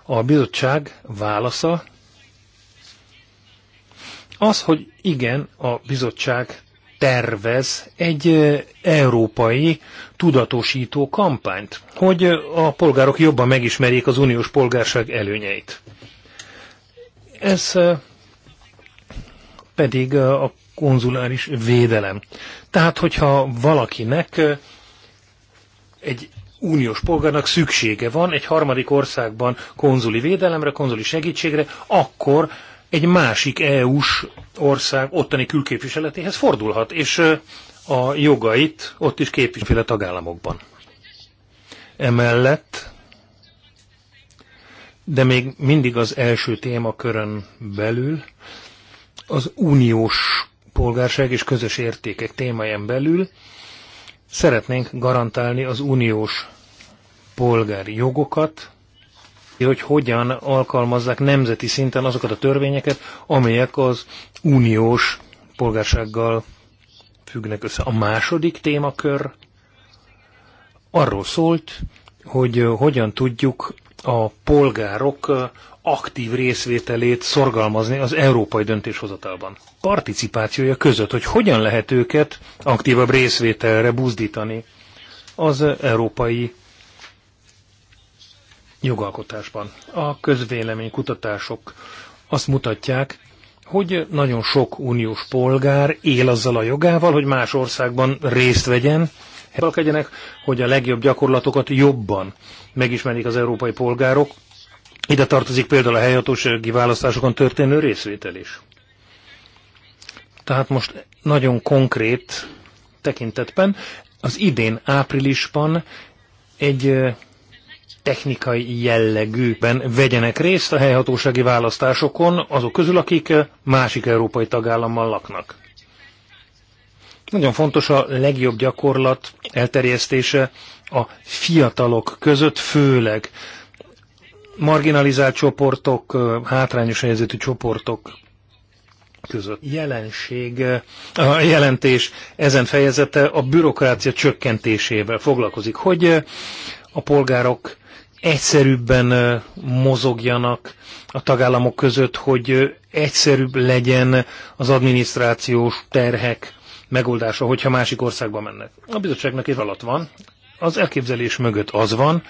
a bizottság válasza az, hogy igen, a bizottság tervez egy európai tudatosító kampányt, hogy a polgárok jobban megismerjék az uniós polgárság előnyeit. Ez pedig a konzuláris védelem. Tehát, hogyha valakinek egy uniós polgárnak szüksége van egy harmadik országban konzuli védelemre, konzuli segítségre, akkor egy másik EU-s ország ottani külképviseletéhez fordulhat, és a jogait ott is képviseli a tagállamokban. Emellett, de még mindig az első témakörön belül, az uniós polgárság és közös értékek témáján belül Szeretnénk garantálni az uniós polgári jogokat, hogy hogyan alkalmazzák nemzeti szinten azokat a törvényeket, amelyek az uniós polgársággal függnek össze. A második témakör arról szólt, hogy hogyan tudjuk a polgárok aktív részvételét szorgalmazni az európai döntéshozatalban. Participációja között, hogy hogyan lehet őket aktívabb részvételre buzdítani az európai jogalkotásban. A közvéleménykutatások azt mutatják, hogy nagyon sok uniós polgár él azzal a jogával, hogy más országban részt vegyen legyenek, hogy a legjobb gyakorlatokat jobban megismerik az európai polgárok. Ide tartozik például a helyhatósági választásokon történő részvétel is. Tehát most nagyon konkrét tekintetben az idén áprilisban egy technikai jellegűben vegyenek részt a helyhatósági választásokon azok közül, akik másik európai tagállammal laknak. Nagyon fontos a legjobb gyakorlat elterjesztése a fiatalok között, főleg marginalizált csoportok, hátrányos helyzetű csoportok között. Jelenség, a jelentés ezen fejezete a bürokrácia csökkentésével foglalkozik, hogy a polgárok egyszerűbben mozogjanak a tagállamok között, hogy egyszerűbb legyen az adminisztrációs terhek megoldása, hogyha másik országba mennek. A bizottságnak év alatt van. Az elképzelés mögött az van,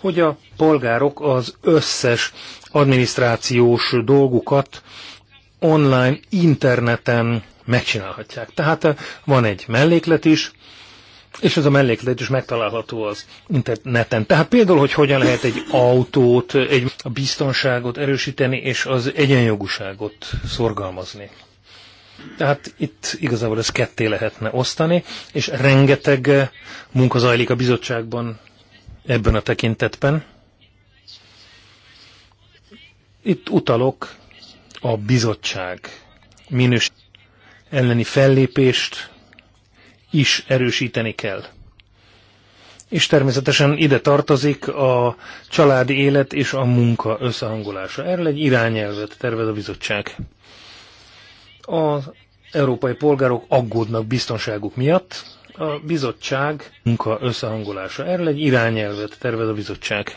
hogy a polgárok az összes adminisztrációs dolgukat online, interneten megcsinálhatják. Tehát eh, van egy melléklet is, és ez a melléklet is megtalálható az interneten. Tehát például, hogy hogyan lehet egy autót, egy, biztonságot erősíteni, és az egyenjogúságot szorgalmazni. Tehát itt igazából ez ketté lehetne osztani, és rengeteg eh, munka zajlik a bizottságban ebben a tekintetben. Itt utalok a bizottság minős elleni fellépést is erősíteni kell. És természetesen ide tartozik a családi élet és a munka összehangolása. Erről egy irányelvet tervez a bizottság. Az európai polgárok aggódnak biztonságuk miatt. A bizottság munka összehangolása. Erről egy irányelvet tervez a bizottság.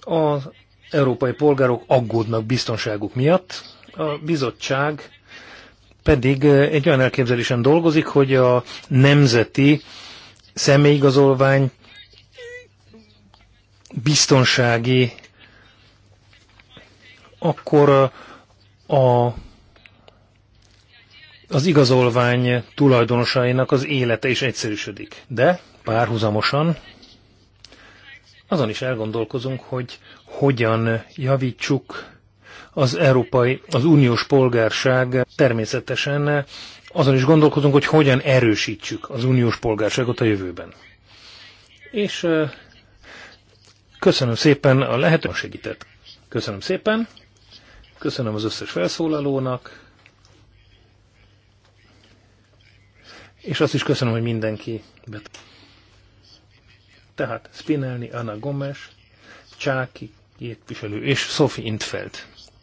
Az európai polgárok aggódnak biztonságuk miatt. A bizottság pedig egy olyan elképzelésen dolgozik, hogy a nemzeti személyigazolvány biztonsági, akkor a az igazolvány tulajdonosainak az élete is egyszerűsödik. De párhuzamosan azon is elgondolkozunk, hogy hogyan javítsuk az európai, az uniós polgárság természetesen azon is gondolkozunk, hogy hogyan erősítsük az uniós polgárságot a jövőben. És köszönöm szépen a lehetőséget. Köszönöm szépen, köszönöm az összes felszólalónak, és azt is köszönöm, hogy mindenki bet. Tehát Spinelli, Anna Gomes, Csáki képviselő és Sophie Intfeld.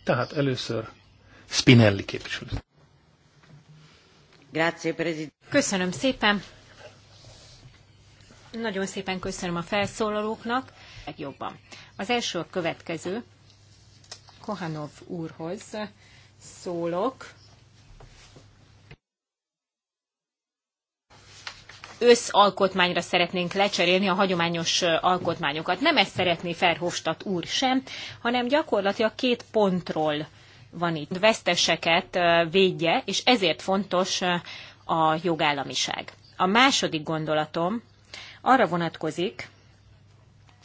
Tehát először Spinelli képviselő. Köszönöm szépen. Nagyon szépen köszönöm a felszólalóknak. Jobban. Az első a következő. Kohanov úrhoz szólok. összalkotmányra szeretnénk lecserélni a hagyományos alkotmányokat. Nem ezt szeretné Ferhofstadt úr sem, hanem gyakorlatilag két pontról van itt. Veszteseket védje, és ezért fontos a jogállamiság. A második gondolatom arra vonatkozik,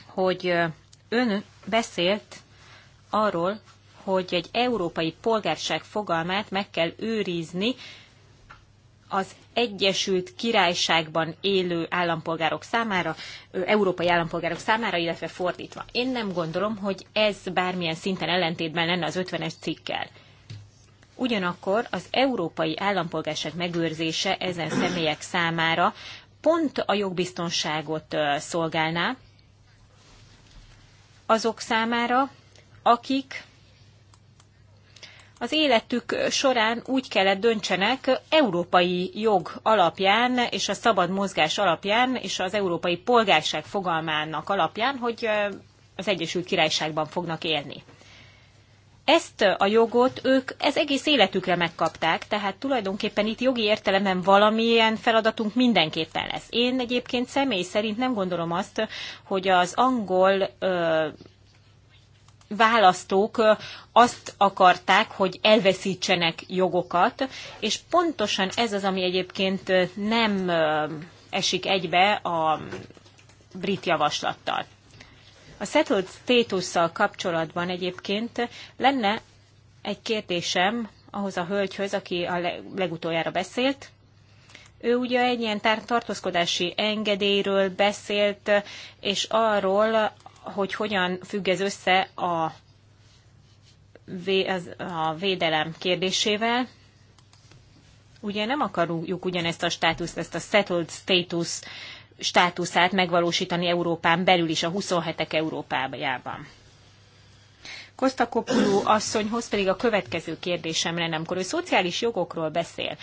hogy ön beszélt arról, hogy egy európai polgárság fogalmát meg kell őrizni az Egyesült Királyságban élő állampolgárok számára, európai állampolgárok számára, illetve fordítva. Én nem gondolom, hogy ez bármilyen szinten ellentétben lenne az 50-es cikkel. Ugyanakkor az európai állampolgárság megőrzése ezen személyek számára pont a jogbiztonságot szolgálná azok számára, akik az életük során úgy kellett döntsenek európai jog alapján és a szabad mozgás alapján és az európai polgárság fogalmának alapján, hogy az Egyesült Királyságban fognak élni. Ezt a jogot ők ez egész életükre megkapták, tehát tulajdonképpen itt jogi értelemben valamilyen feladatunk mindenképpen lesz. Én egyébként személy szerint nem gondolom azt, hogy az angol ö, választók azt akarták, hogy elveszítsenek jogokat, és pontosan ez az, ami egyébként nem esik egybe a brit javaslattal. A settled statusszal kapcsolatban egyébként lenne egy kérdésem ahhoz a hölgyhöz, aki a legutoljára beszélt. Ő ugye egy ilyen tartózkodási engedélyről beszélt, és arról, hogy hogyan függ ez össze a, a védelem kérdésével. Ugye nem akarjuk ugyanezt a státuszt, ezt a settled status státuszát megvalósítani Európán belül is, a 27-ek Európájában. Kopuló asszonyhoz pedig a következő kérdésem lenne, amikor ő szociális jogokról beszél,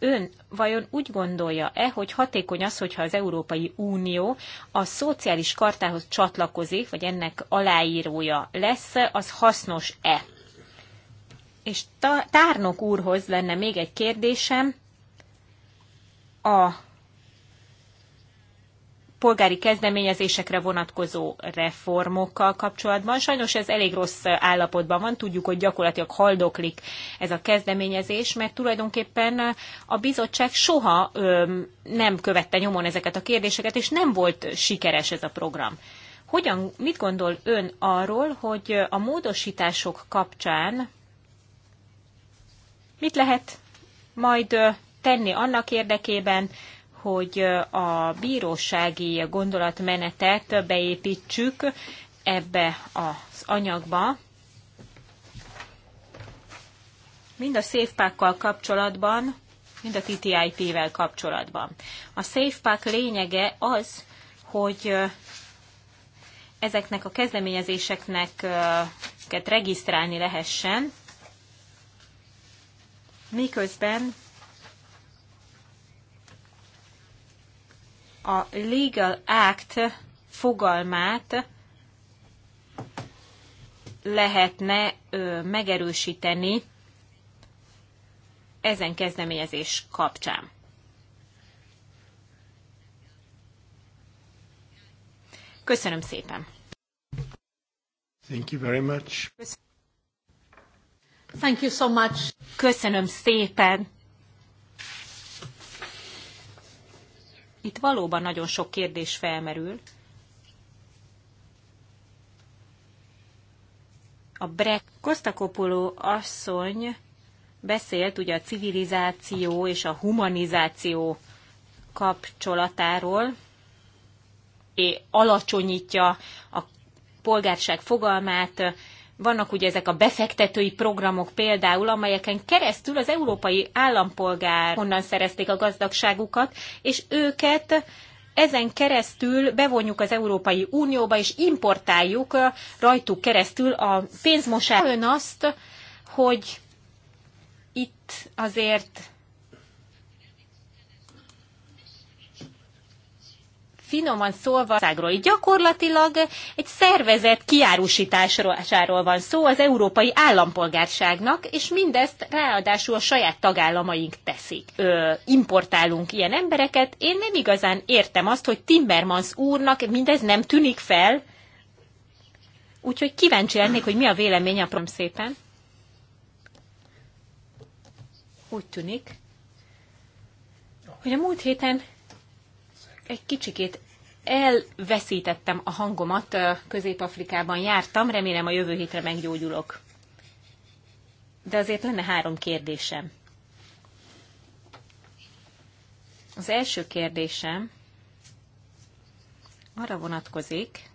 ön vajon úgy gondolja-e, hogy hatékony az, hogyha az Európai Unió a szociális kartához csatlakozik, vagy ennek aláírója lesz, az hasznos-e? És Tárnok úrhoz lenne még egy kérdésem. A polgári kezdeményezésekre vonatkozó reformokkal kapcsolatban. Sajnos ez elég rossz állapotban van, tudjuk, hogy gyakorlatilag haldoklik ez a kezdeményezés, mert tulajdonképpen a bizottság soha nem követte nyomon ezeket a kérdéseket, és nem volt sikeres ez a program. Hogyan, mit gondol ön arról, hogy a módosítások kapcsán mit lehet majd tenni annak érdekében, hogy a bírósági gondolatmenetet beépítsük ebbe az anyagba. Mind a szépákkal kapcsolatban, mind a TTIP-vel kapcsolatban. A szépák lényege az, hogy ezeknek a kezdeményezéseknek regisztrálni lehessen, miközben a Legal Act fogalmát lehetne ö, megerősíteni ezen kezdeményezés kapcsán. Köszönöm szépen! Thank you very much. Thank you so much. Köszönöm szépen! itt valóban nagyon sok kérdés felmerül. A Brek Kostakopoló asszony beszélt ugye a civilizáció és a humanizáció kapcsolatáról, és alacsonyítja a polgárság fogalmát, vannak ugye ezek a befektetői programok például, amelyeken keresztül az európai állampolgár honnan szerezték a gazdagságukat, és őket ezen keresztül bevonjuk az Európai Unióba, és importáljuk rajtuk keresztül a pénzmosát. Ön azt, hogy itt azért finoman szólva országról. Gyakorlatilag egy szervezet kiárusításáról van szó az európai állampolgárságnak, és mindezt ráadásul a saját tagállamaink teszik. Ö, importálunk ilyen embereket. Én nem igazán értem azt, hogy Timmermans úrnak mindez nem tűnik fel, Úgyhogy kíváncsi lennék, hogy mi a véleménye a szépen. Úgy tűnik, hogy a múlt héten egy kicsikét elveszítettem a hangomat, Közép-Afrikában jártam, remélem a jövő hétre meggyógyulok. De azért lenne három kérdésem. Az első kérdésem arra vonatkozik,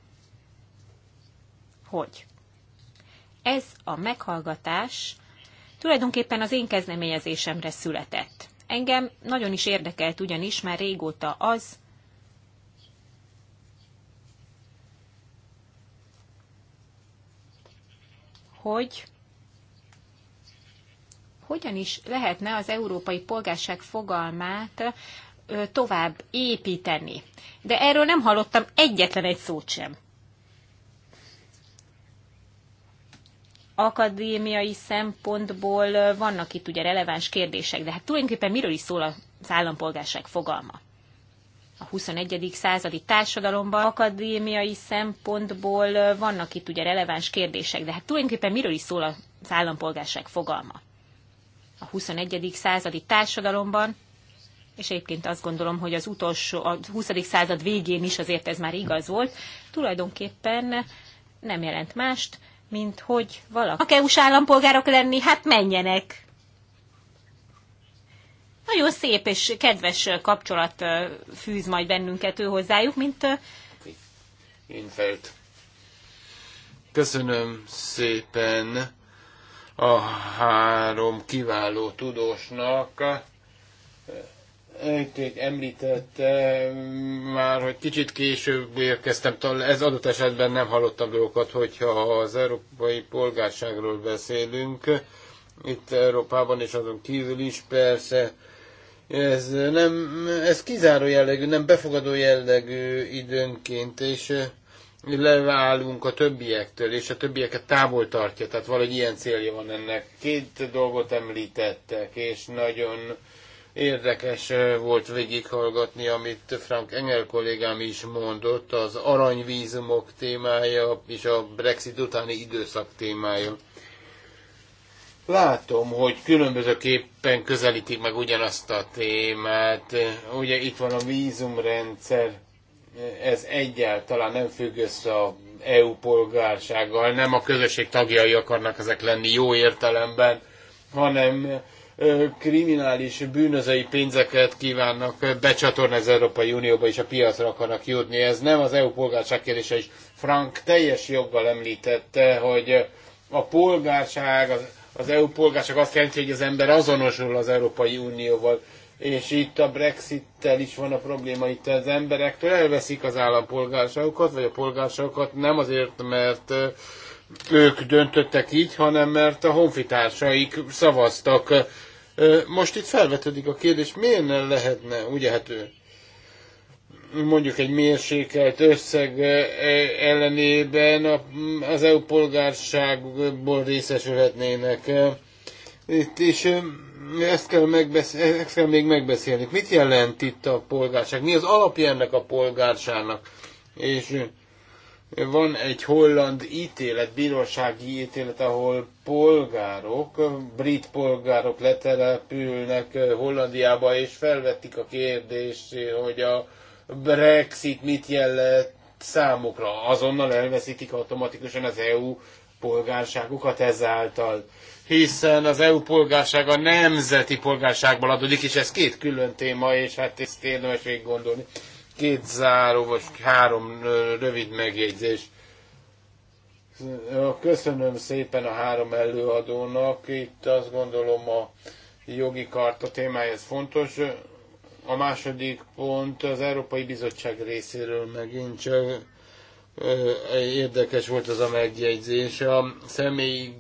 hogy ez a meghallgatás tulajdonképpen az én kezdeményezésemre született. Engem nagyon is érdekelt ugyanis már régóta az, hogy hogyan is lehetne az európai polgárság fogalmát tovább építeni. De erről nem hallottam egyetlen egy szót sem. Akadémiai szempontból vannak itt ugye releváns kérdések, de hát tulajdonképpen miről is szól az állampolgárság fogalma? a 21. századi társadalomban akadémiai szempontból vannak itt ugye releváns kérdések, de hát tulajdonképpen miről is szól az állampolgárság fogalma? A 21. századi társadalomban, és egyébként azt gondolom, hogy az utolsó, a 20. század végén is azért ez már igaz volt, tulajdonképpen nem jelent mást, mint hogy valaki. Ha keus állampolgárok lenni, hát menjenek! Nagyon szép és kedves kapcsolat fűz majd bennünket ő hozzájuk, mint Infeld. Köszönöm szépen a három kiváló tudósnak. Egyébként említette már, hogy kicsit később érkeztem, ez adott esetben nem hallottam dolgokat, hogyha az európai polgárságról beszélünk, itt Európában és azon kívül is persze, ez, nem, ez kizáró jellegű, nem befogadó jellegű időnként, és leválunk a többiektől, és a többieket távol tartja, tehát valahogy ilyen célja van ennek. Két dolgot említettek, és nagyon érdekes volt végighallgatni, amit Frank Engel kollégám is mondott, az aranyvízumok témája és a Brexit utáni időszak témája. Látom, hogy különbözőképpen közelítik meg ugyanazt a témát. Ugye itt van a vízumrendszer, ez egyáltalán nem függ össze a EU polgársággal, nem a közösség tagjai akarnak ezek lenni jó értelemben, hanem kriminális bűnözői pénzeket kívánnak becsatorni az Európai Unióba, és a piacra akarnak jutni. Ez nem az EU polgárság kérdése is. Frank teljes joggal említette, hogy a polgárság, az az EU polgárság azt jelenti, hogy az ember azonosul az Európai Unióval, és itt a Brexittel is van a probléma, itt az emberektől elveszik az állampolgárságokat, vagy a polgárságokat nem azért, mert ők döntöttek így, hanem mert a honfitársaik szavaztak. Most itt felvetődik a kérdés, miért ne lehetne, ugye hát mondjuk egy mérsékelt összeg ellenében az EU polgárságból részesülhetnének. Itt is ezt kell, megbesz- ezt kell még megbeszélni. Mit jelent itt a polgárság? Mi az alapja ennek a polgárságnak? És van egy holland ítélet, bírósági ítélet, ahol polgárok, brit polgárok letelepülnek Hollandiába, és felvetik a kérdést, hogy a Brexit mit jelent számukra? Azonnal elveszítik automatikusan az EU polgárságukat ezáltal, hiszen az EU polgársága nemzeti polgárságból adódik, és ez két külön téma, és hát ezt érdemes végig gondolni. Két záró, vagy három rövid megjegyzés. Köszönöm szépen a három előadónak. Itt azt gondolom a jogi karta témája ez fontos. A második pont az Európai Bizottság részéről megint csak érdekes volt az a megjegyzés. A személyi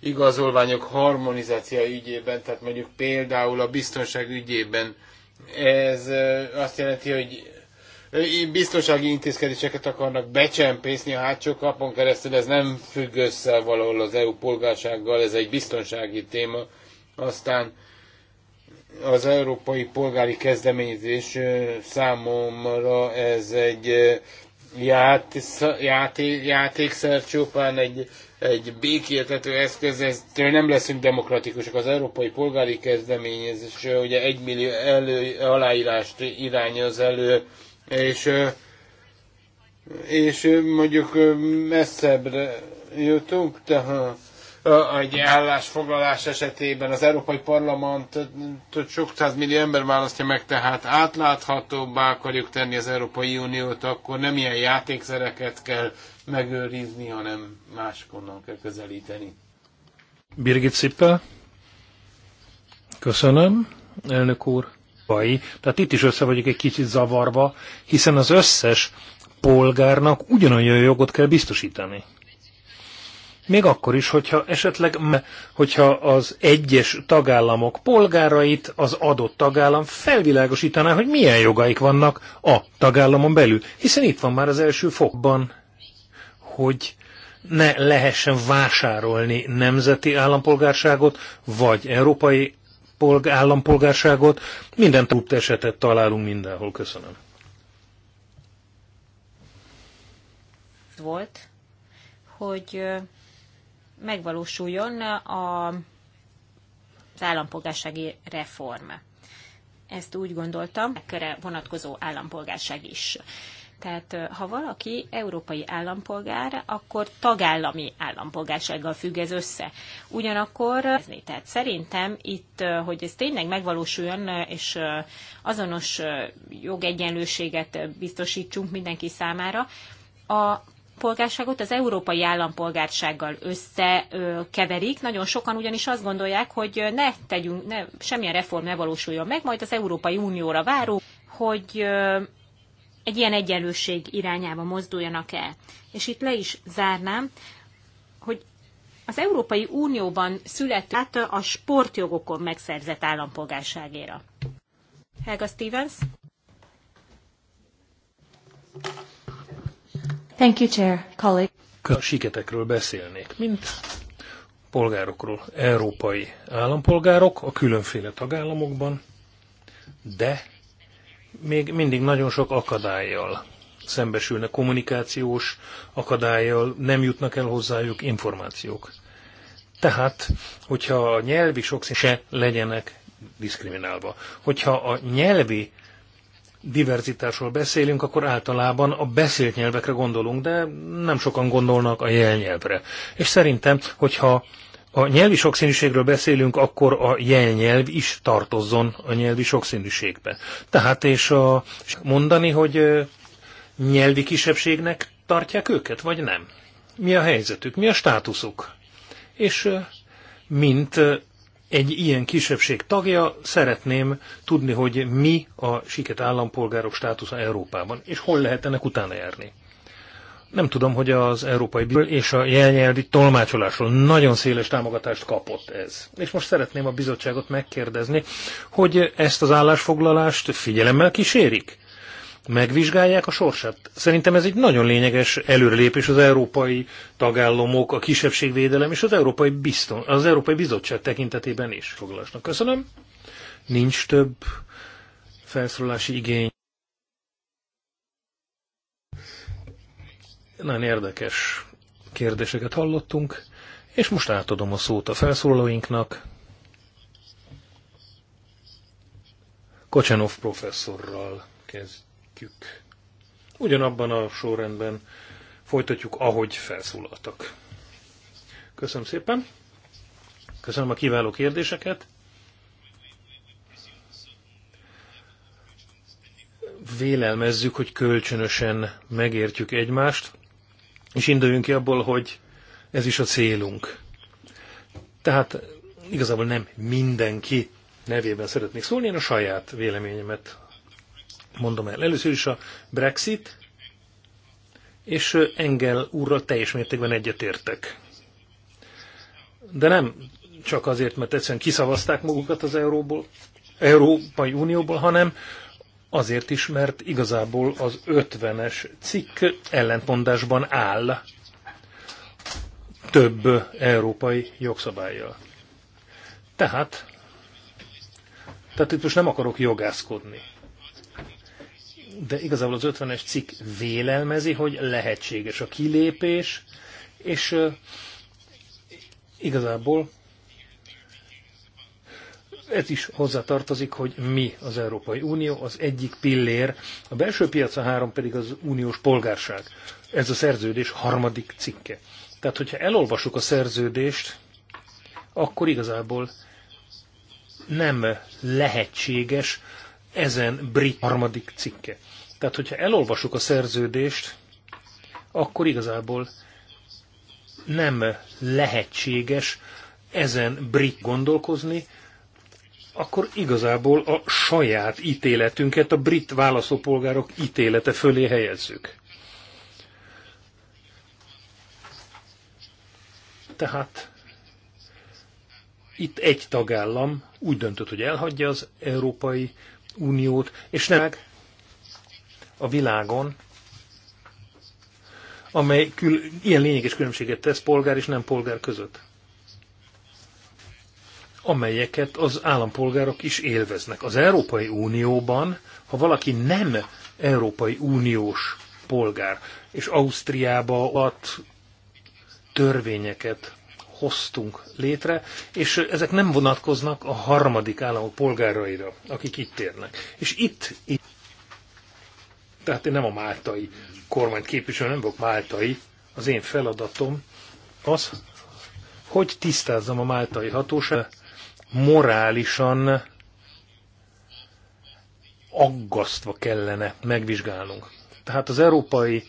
igazolványok harmonizáció ügyében, tehát mondjuk például a biztonság ügyében, ez azt jelenti, hogy biztonsági intézkedéseket akarnak becsempészni a hátsó kapon keresztül, ez nem függ össze valahol az EU polgársággal, ez egy biztonsági téma. Aztán az európai polgári kezdeményezés számomra ez egy ját, játék, játékszer csupán egy, egy békéltető eszköz, ez nem leszünk demokratikusak. Az európai polgári kezdeményezés ugye egy millió elő, aláírást irányoz elő, és, és mondjuk messzebbre jutunk, tehát egy állásfoglalás esetében az Európai Parlament sok millió ember választja meg, tehát átláthatóbbá akarjuk tenni az Európai Uniót, akkor nem ilyen játékszereket kell megőrizni, hanem máskonnan kell közelíteni. Birgit Szippel. Köszönöm, elnök úr. Bai. Tehát itt is össze vagyok egy kicsit zavarva, hiszen az összes polgárnak ugyanolyan jogot kell biztosítani még akkor is, hogyha esetleg, hogyha az egyes tagállamok polgárait az adott tagállam felvilágosítaná, hogy milyen jogaik vannak a tagállamon belül. Hiszen itt van már az első fokban, hogy ne lehessen vásárolni nemzeti állampolgárságot, vagy európai polg- állampolgárságot. Minden túlt esetet találunk mindenhol. Köszönöm. Volt, hogy megvalósuljon a, az állampolgársági reform. Ezt úgy gondoltam, ekkere vonatkozó állampolgárság is. Tehát ha valaki európai állampolgár, akkor tagállami állampolgársággal függ ez össze. Ugyanakkor, tehát szerintem itt, hogy ez tényleg megvalósuljon, és azonos jogegyenlőséget biztosítsunk mindenki számára, a állampolgárságot az európai állampolgársággal összekeverik. Nagyon sokan ugyanis azt gondolják, hogy ne tegyünk, ne, semmilyen reform ne valósuljon meg, majd az Európai Unióra váró, hogy egy ilyen egyenlőség irányába mozduljanak el. És itt le is zárnám, hogy az Európai Unióban született hát a sportjogokon megszerzett állampolgárságéra. Helga Stevens. Thank you, Chair, colleague. A siketekről beszélnék, mint polgárokról, európai állampolgárok a különféle tagállamokban, de még mindig nagyon sok akadályjal szembesülnek, kommunikációs akadályjal, nem jutnak el hozzájuk információk. Tehát, hogyha a nyelvi sokszínűség se legyenek diszkriminálva. Hogyha a nyelvi diverzitásról beszélünk, akkor általában a beszélt nyelvekre gondolunk, de nem sokan gondolnak a jelnyelvre. És szerintem, hogyha a nyelvi sokszínűségről beszélünk, akkor a jelnyelv is tartozzon a nyelvi sokszínűségbe. Tehát és a, mondani, hogy nyelvi kisebbségnek tartják őket, vagy nem? Mi a helyzetük? Mi a státuszuk? És mint egy ilyen kisebbség tagja, szeretném tudni, hogy mi a siket állampolgárok státusza Európában, és hol lehet ennek utána járni. Nem tudom, hogy az Európai Bizottság és a jelnyelvi tolmácsolásról nagyon széles támogatást kapott ez. És most szeretném a bizottságot megkérdezni, hogy ezt az állásfoglalást figyelemmel kísérik? megvizsgálják a sorsát. Szerintem ez egy nagyon lényeges előrelépés az európai tagállamok, a kisebbségvédelem és az Európai, Bizton, az európai Bizottság tekintetében is foglalásnak. Köszönöm. Nincs több felszólási igény. Nagyon érdekes kérdéseket hallottunk, és most átadom a szót a felszólalóinknak. Kocsanov professzorral kezd követjük. Ugyanabban a sorrendben folytatjuk, ahogy felszólaltak. Köszönöm szépen. Köszönöm a kiváló kérdéseket. Vélelmezzük, hogy kölcsönösen megértjük egymást, és induljunk ki abból, hogy ez is a célunk. Tehát igazából nem mindenki nevében szeretnék szólni, én a saját véleményemet mondom el. Először is a Brexit, és Engel úrral teljes mértékben egyetértek. De nem csak azért, mert egyszerűen kiszavazták magukat az Euróból, Európai Unióból, hanem azért is, mert igazából az 50-es cikk ellentmondásban áll több európai jogszabályjal. Tehát, tehát itt most nem akarok jogászkodni de igazából az 50-es cikk vélelmezi, hogy lehetséges a kilépés, és igazából ez is hozzátartozik, hogy mi az Európai Unió, az egyik pillér, a belső piac, a három pedig az uniós polgárság. Ez a szerződés harmadik cikke. Tehát, hogyha elolvasuk a szerződést, akkor igazából nem lehetséges ezen brit harmadik cikke. Tehát, hogyha elolvasuk a szerződést, akkor igazából nem lehetséges ezen brit gondolkozni, akkor igazából a saját ítéletünket, a brit válaszopolgárok ítélete fölé helyezzük. Tehát itt egy tagállam úgy döntött, hogy elhagyja az Európai Uniót, és nem a világon, amely kül, ilyen lényeges különbséget tesz polgár és nem polgár között, amelyeket az állampolgárok is élveznek. Az Európai Unióban, ha valaki nem Európai Uniós polgár, és Ausztriába ad törvényeket hoztunk létre, és ezek nem vonatkoznak a harmadik államok polgáraira, akik itt érnek. És itt, itt tehát én nem a máltai kormányt képviselő, nem vagyok máltai, az én feladatom az, hogy tisztázzam a máltai hatóság morálisan aggasztva kellene megvizsgálnunk. Tehát az Európai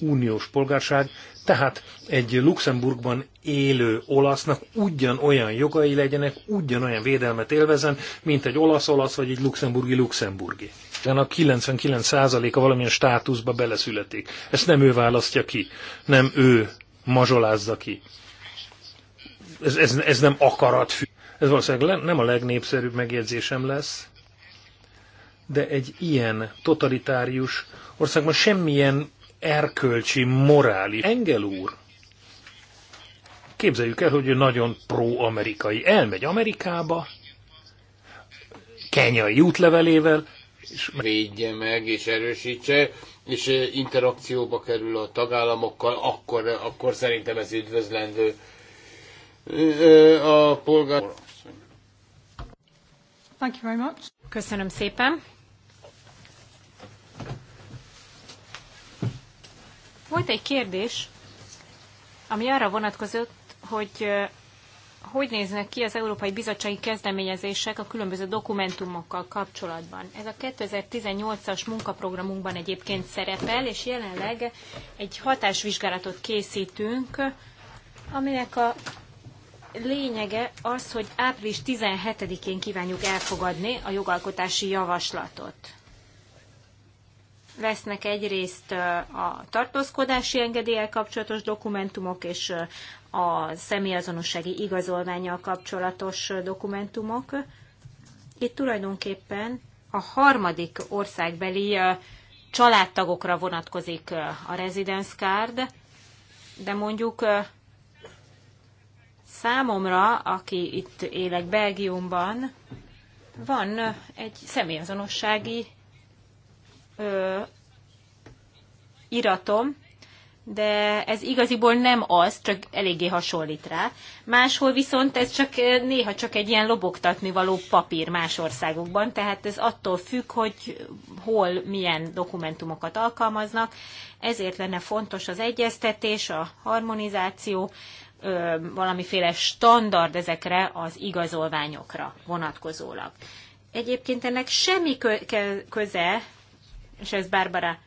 Uniós polgárság, tehát egy Luxemburgban élő olasznak ugyanolyan jogai legyenek, ugyanolyan védelmet élvezen, mint egy olasz-olasz vagy egy luxemburgi-luxemburgi a 99%-a valamilyen státuszba beleszületik. Ezt nem ő választja ki, nem ő mazsolázza ki. Ez, ez, ez nem akarat. Ez valószínűleg nem a legnépszerűbb megjegyzésem lesz, de egy ilyen totalitárius országban semmilyen erkölcsi, morális. Engel úr, képzeljük el, hogy ő nagyon pro-amerikai. Elmegy Amerikába, kenyai útlevelével, és védje meg és erősítse, és eh, interakcióba kerül a tagállamokkal, akkor, akkor szerintem ez üdvözlendő. Eh, eh, a polgár... Thank you very much. Köszönöm szépen. Volt egy kérdés, ami arra vonatkozott, hogy hogy néznek ki az Európai Bizottsági Kezdeményezések a különböző dokumentumokkal kapcsolatban. Ez a 2018-as munkaprogramunkban egyébként szerepel, és jelenleg egy hatásvizsgálatot készítünk, aminek a lényege az, hogy április 17-én kívánjuk elfogadni a jogalkotási javaslatot vesznek egyrészt a tartózkodási engedéllyel kapcsolatos dokumentumok és a személyazonossági igazolványjal kapcsolatos dokumentumok. Itt tulajdonképpen a harmadik országbeli családtagokra vonatkozik a residence card, de mondjuk számomra, aki itt élek Belgiumban, van egy személyazonossági ö, iratom, de ez igaziból nem az, csak eléggé hasonlít rá. Máshol viszont ez csak néha csak egy ilyen lobogtatni való papír más országokban, tehát ez attól függ, hogy hol milyen dokumentumokat alkalmaznak, ezért lenne fontos az egyeztetés, a harmonizáció, valamiféle standard ezekre az igazolványokra vonatkozólag. Egyébként ennek semmi köze és ez Barbara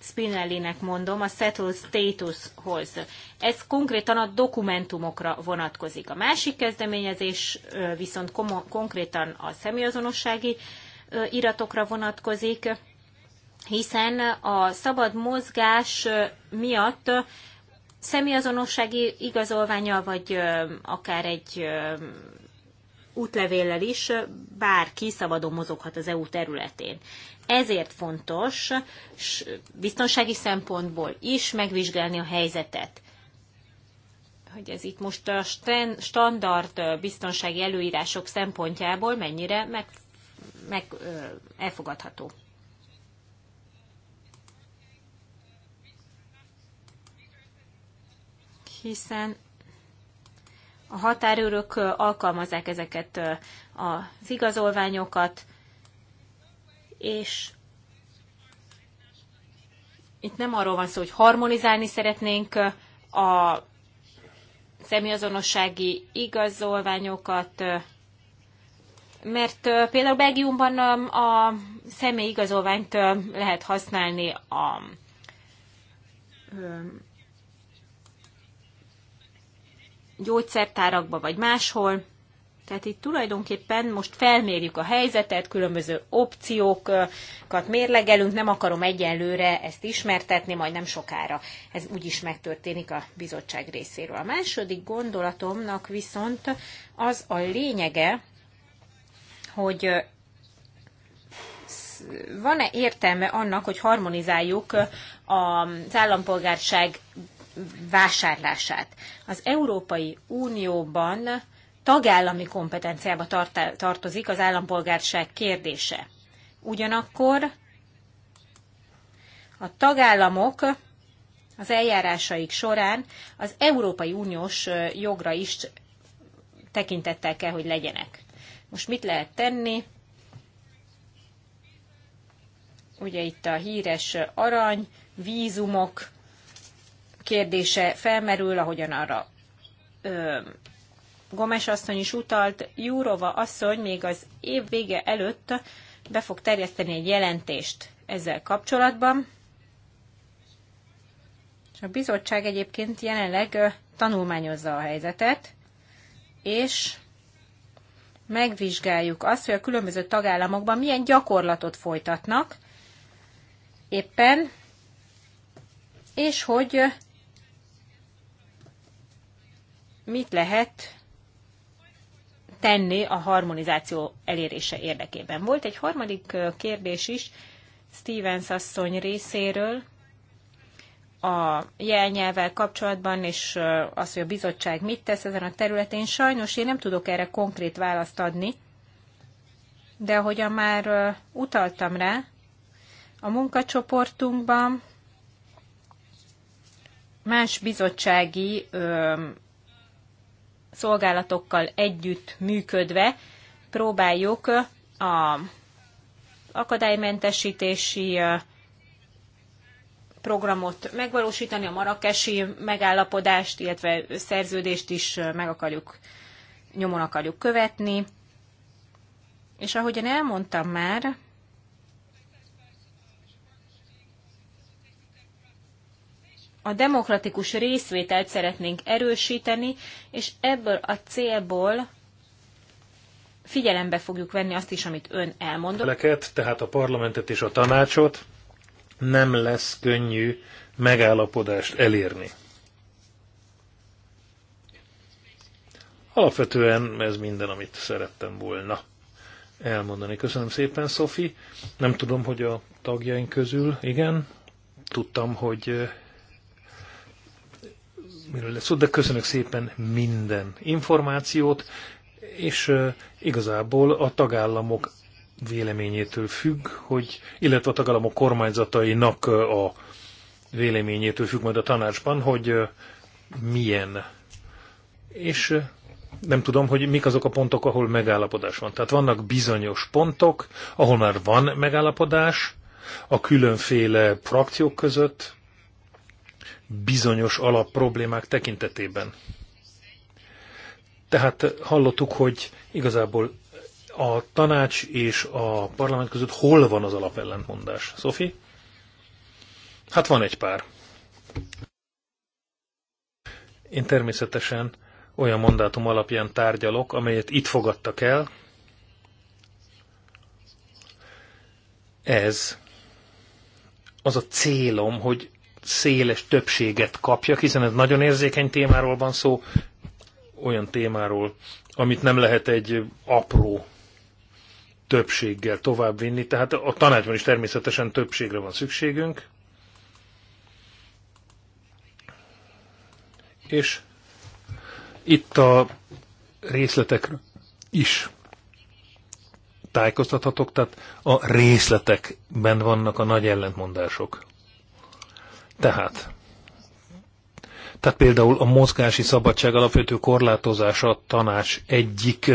Spinellinek mondom, a settled statushoz. Ez konkrétan a dokumentumokra vonatkozik. A másik kezdeményezés viszont konkrétan a személyazonossági iratokra vonatkozik, hiszen a szabad mozgás miatt személyazonossági igazolványa, vagy akár egy útlevéllel is bárki szabadon mozoghat az EU területén. Ezért fontos biztonsági szempontból is megvizsgálni a helyzetet hogy ez itt most a standard biztonsági előírások szempontjából mennyire meg, meg elfogadható. Hiszen a határőrök alkalmazzák ezeket az igazolványokat, és itt nem arról van szó, hogy harmonizálni szeretnénk a személyazonossági igazolványokat, mert például Belgiumban a személyigazolványt lehet használni a gyógyszertárakba vagy máshol. Tehát itt tulajdonképpen most felmérjük a helyzetet, különböző opciókat mérlegelünk, nem akarom egyelőre ezt ismertetni, majd nem sokára. Ez úgyis megtörténik a bizottság részéről. A második gondolatomnak viszont az a lényege, hogy van-e értelme annak, hogy harmonizáljuk az állampolgárság vásárlását. Az Európai Unióban tagállami kompetenciába tartozik az állampolgárság kérdése. Ugyanakkor a tagállamok az eljárásaik során az Európai Uniós jogra is tekintettel kell, hogy legyenek. Most mit lehet tenni? Ugye itt a híres arany, vízumok kérdése felmerül, ahogyan arra ö, Gomes asszony is utalt, Júrova asszony még az év vége előtt be fog terjeszteni egy jelentést ezzel kapcsolatban. És a bizottság egyébként jelenleg tanulmányozza a helyzetet, és megvizsgáljuk azt, hogy a különböző tagállamokban milyen gyakorlatot folytatnak éppen, és hogy mit lehet tenni a harmonizáció elérése érdekében. Volt egy harmadik kérdés is Stevens asszony részéről a jelnyelvvel kapcsolatban, és az, hogy a bizottság mit tesz ezen a területén. Sajnos én nem tudok erre konkrét választ adni, de ahogyan már utaltam rá, a munkacsoportunkban más bizottsági szolgálatokkal együtt működve próbáljuk a akadálymentesítési programot megvalósítani, a marakesi megállapodást, illetve szerződést is meg akarjuk, nyomon akarjuk követni. És ahogyan elmondtam már, a demokratikus részvételt szeretnénk erősíteni, és ebből a célból figyelembe fogjuk venni azt is, amit ön elmondott. Tehát a parlamentet és a tanácsot nem lesz könnyű megállapodást elérni. Alapvetően ez minden, amit szerettem volna elmondani. Köszönöm szépen, Szofi. Nem tudom, hogy a tagjaink közül, igen, tudtam, hogy miről lesz szó, de köszönök szépen minden információt, és igazából a tagállamok véleményétől függ, hogy, illetve a tagállamok kormányzatainak a véleményétől függ majd a tanácsban, hogy milyen. És nem tudom, hogy mik azok a pontok, ahol megállapodás van. Tehát vannak bizonyos pontok, ahol már van megállapodás a különféle frakciók között, bizonyos alapproblémák tekintetében. Tehát hallottuk, hogy igazából a tanács és a parlament között hol van az alapellentmondás? Szofi? Hát van egy pár. Én természetesen olyan mandátum alapján tárgyalok, amelyet itt fogadtak el. Ez az a célom, hogy széles többséget kapja, hiszen ez nagyon érzékeny témáról van szó, olyan témáról, amit nem lehet egy apró többséggel továbbvinni. Tehát a tanácsban is természetesen többségre van szükségünk. És itt a részletekről is tájékoztathatok, tehát a részletekben vannak a nagy ellentmondások. Tehát, tehát például a mozgási szabadság alapvető korlátozása a tanács egyik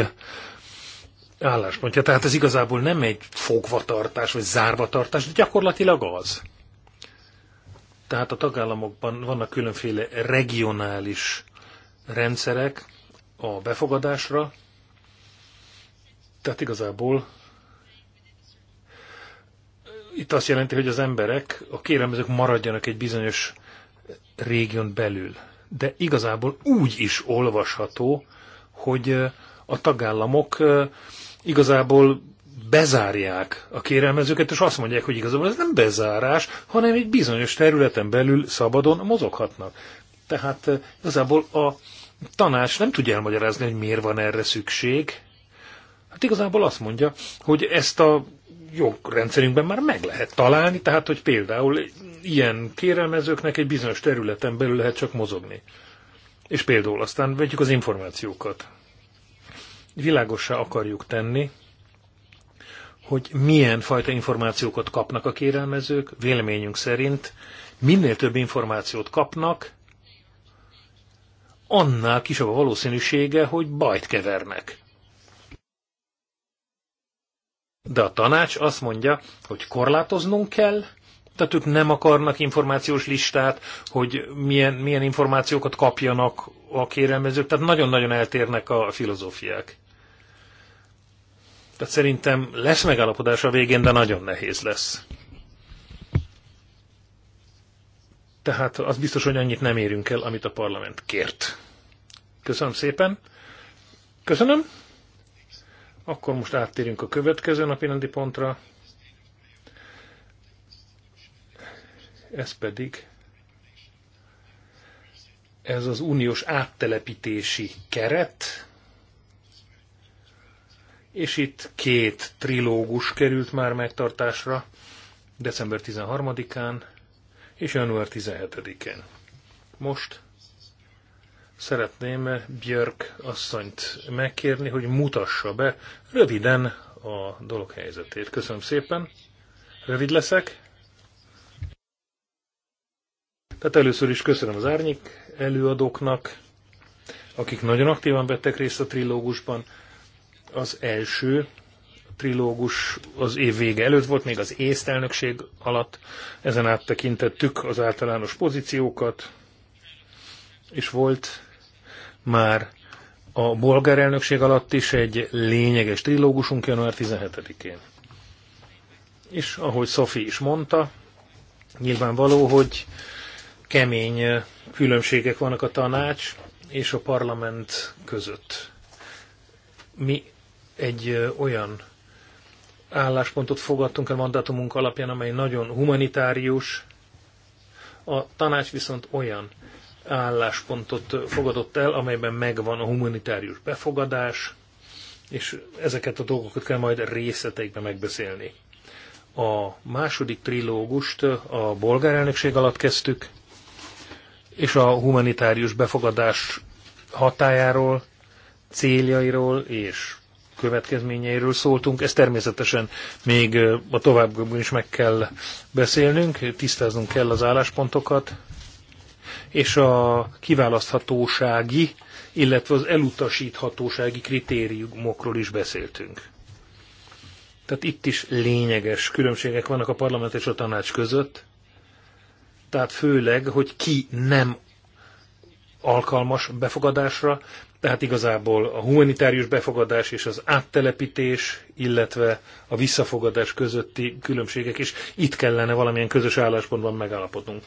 álláspontja. Tehát ez igazából nem egy fogvatartás vagy zárvatartás, de gyakorlatilag az. Tehát a tagállamokban vannak különféle regionális rendszerek a befogadásra, tehát igazából itt azt jelenti, hogy az emberek, a kérelmezők maradjanak egy bizonyos régión belül. De igazából úgy is olvasható, hogy a tagállamok igazából bezárják a kérelmezőket, és azt mondják, hogy igazából ez nem bezárás, hanem egy bizonyos területen belül szabadon mozoghatnak. Tehát igazából a tanács nem tudja elmagyarázni, hogy miért van erre szükség. Hát igazából azt mondja, hogy ezt a jogrendszerünkben már meg lehet találni, tehát hogy például ilyen kérelmezőknek egy bizonyos területen belül lehet csak mozogni. És például aztán vegyük az információkat. Világosá akarjuk tenni, hogy milyen fajta információkat kapnak a kérelmezők, véleményünk szerint minél több információt kapnak, annál kisebb a valószínűsége, hogy bajt kevernek. De a tanács azt mondja, hogy korlátoznunk kell, tehát ők nem akarnak információs listát, hogy milyen, milyen információkat kapjanak a kérelmezők, tehát nagyon-nagyon eltérnek a filozófiák. Tehát szerintem lesz megállapodás a végén, de nagyon nehéz lesz. Tehát az biztos, hogy annyit nem érünk el, amit a parlament kért. Köszönöm szépen. Köszönöm. Akkor most áttérünk a következő napi rendi pontra. Ez pedig ez az uniós áttelepítési keret, és itt két trilógus került már megtartásra, december 13-án és január 17-én. Most szeretném Björk asszonyt megkérni, hogy mutassa be röviden a dolog helyzetét. Köszönöm szépen. Rövid leszek. Tehát először is köszönöm az árnyék előadóknak, akik nagyon aktívan vettek részt a trilógusban. Az első trilógus az év vége előtt volt, még az észtelnökség alatt. Ezen áttekintettük az általános pozíciókat, és volt már a bolgár elnökség alatt is egy lényeges trilógusunk január 17-én. És ahogy Szofi is mondta, nyilvánvaló, hogy kemény különbségek vannak a tanács és a parlament között. Mi egy olyan álláspontot fogadtunk a mandátumunk alapján, amely nagyon humanitárius, a tanács viszont olyan álláspontot fogadott el, amelyben megvan a humanitárius befogadás, és ezeket a dolgokat kell majd részleteikben megbeszélni. A második trilógust a bolgár elnökség alatt kezdtük, és a humanitárius befogadás hatájáról, céljairól és következményeiről szóltunk. Ezt természetesen még a továbbiakban is meg kell beszélnünk, tisztáznunk kell az álláspontokat, és a kiválaszthatósági, illetve az elutasíthatósági kritériumokról is beszéltünk. Tehát itt is lényeges különbségek vannak a parlament és a tanács között, tehát főleg, hogy ki nem alkalmas befogadásra, tehát igazából a humanitárius befogadás és az áttelepítés, illetve a visszafogadás közötti különbségek, is itt kellene valamilyen közös álláspontban megállapodnunk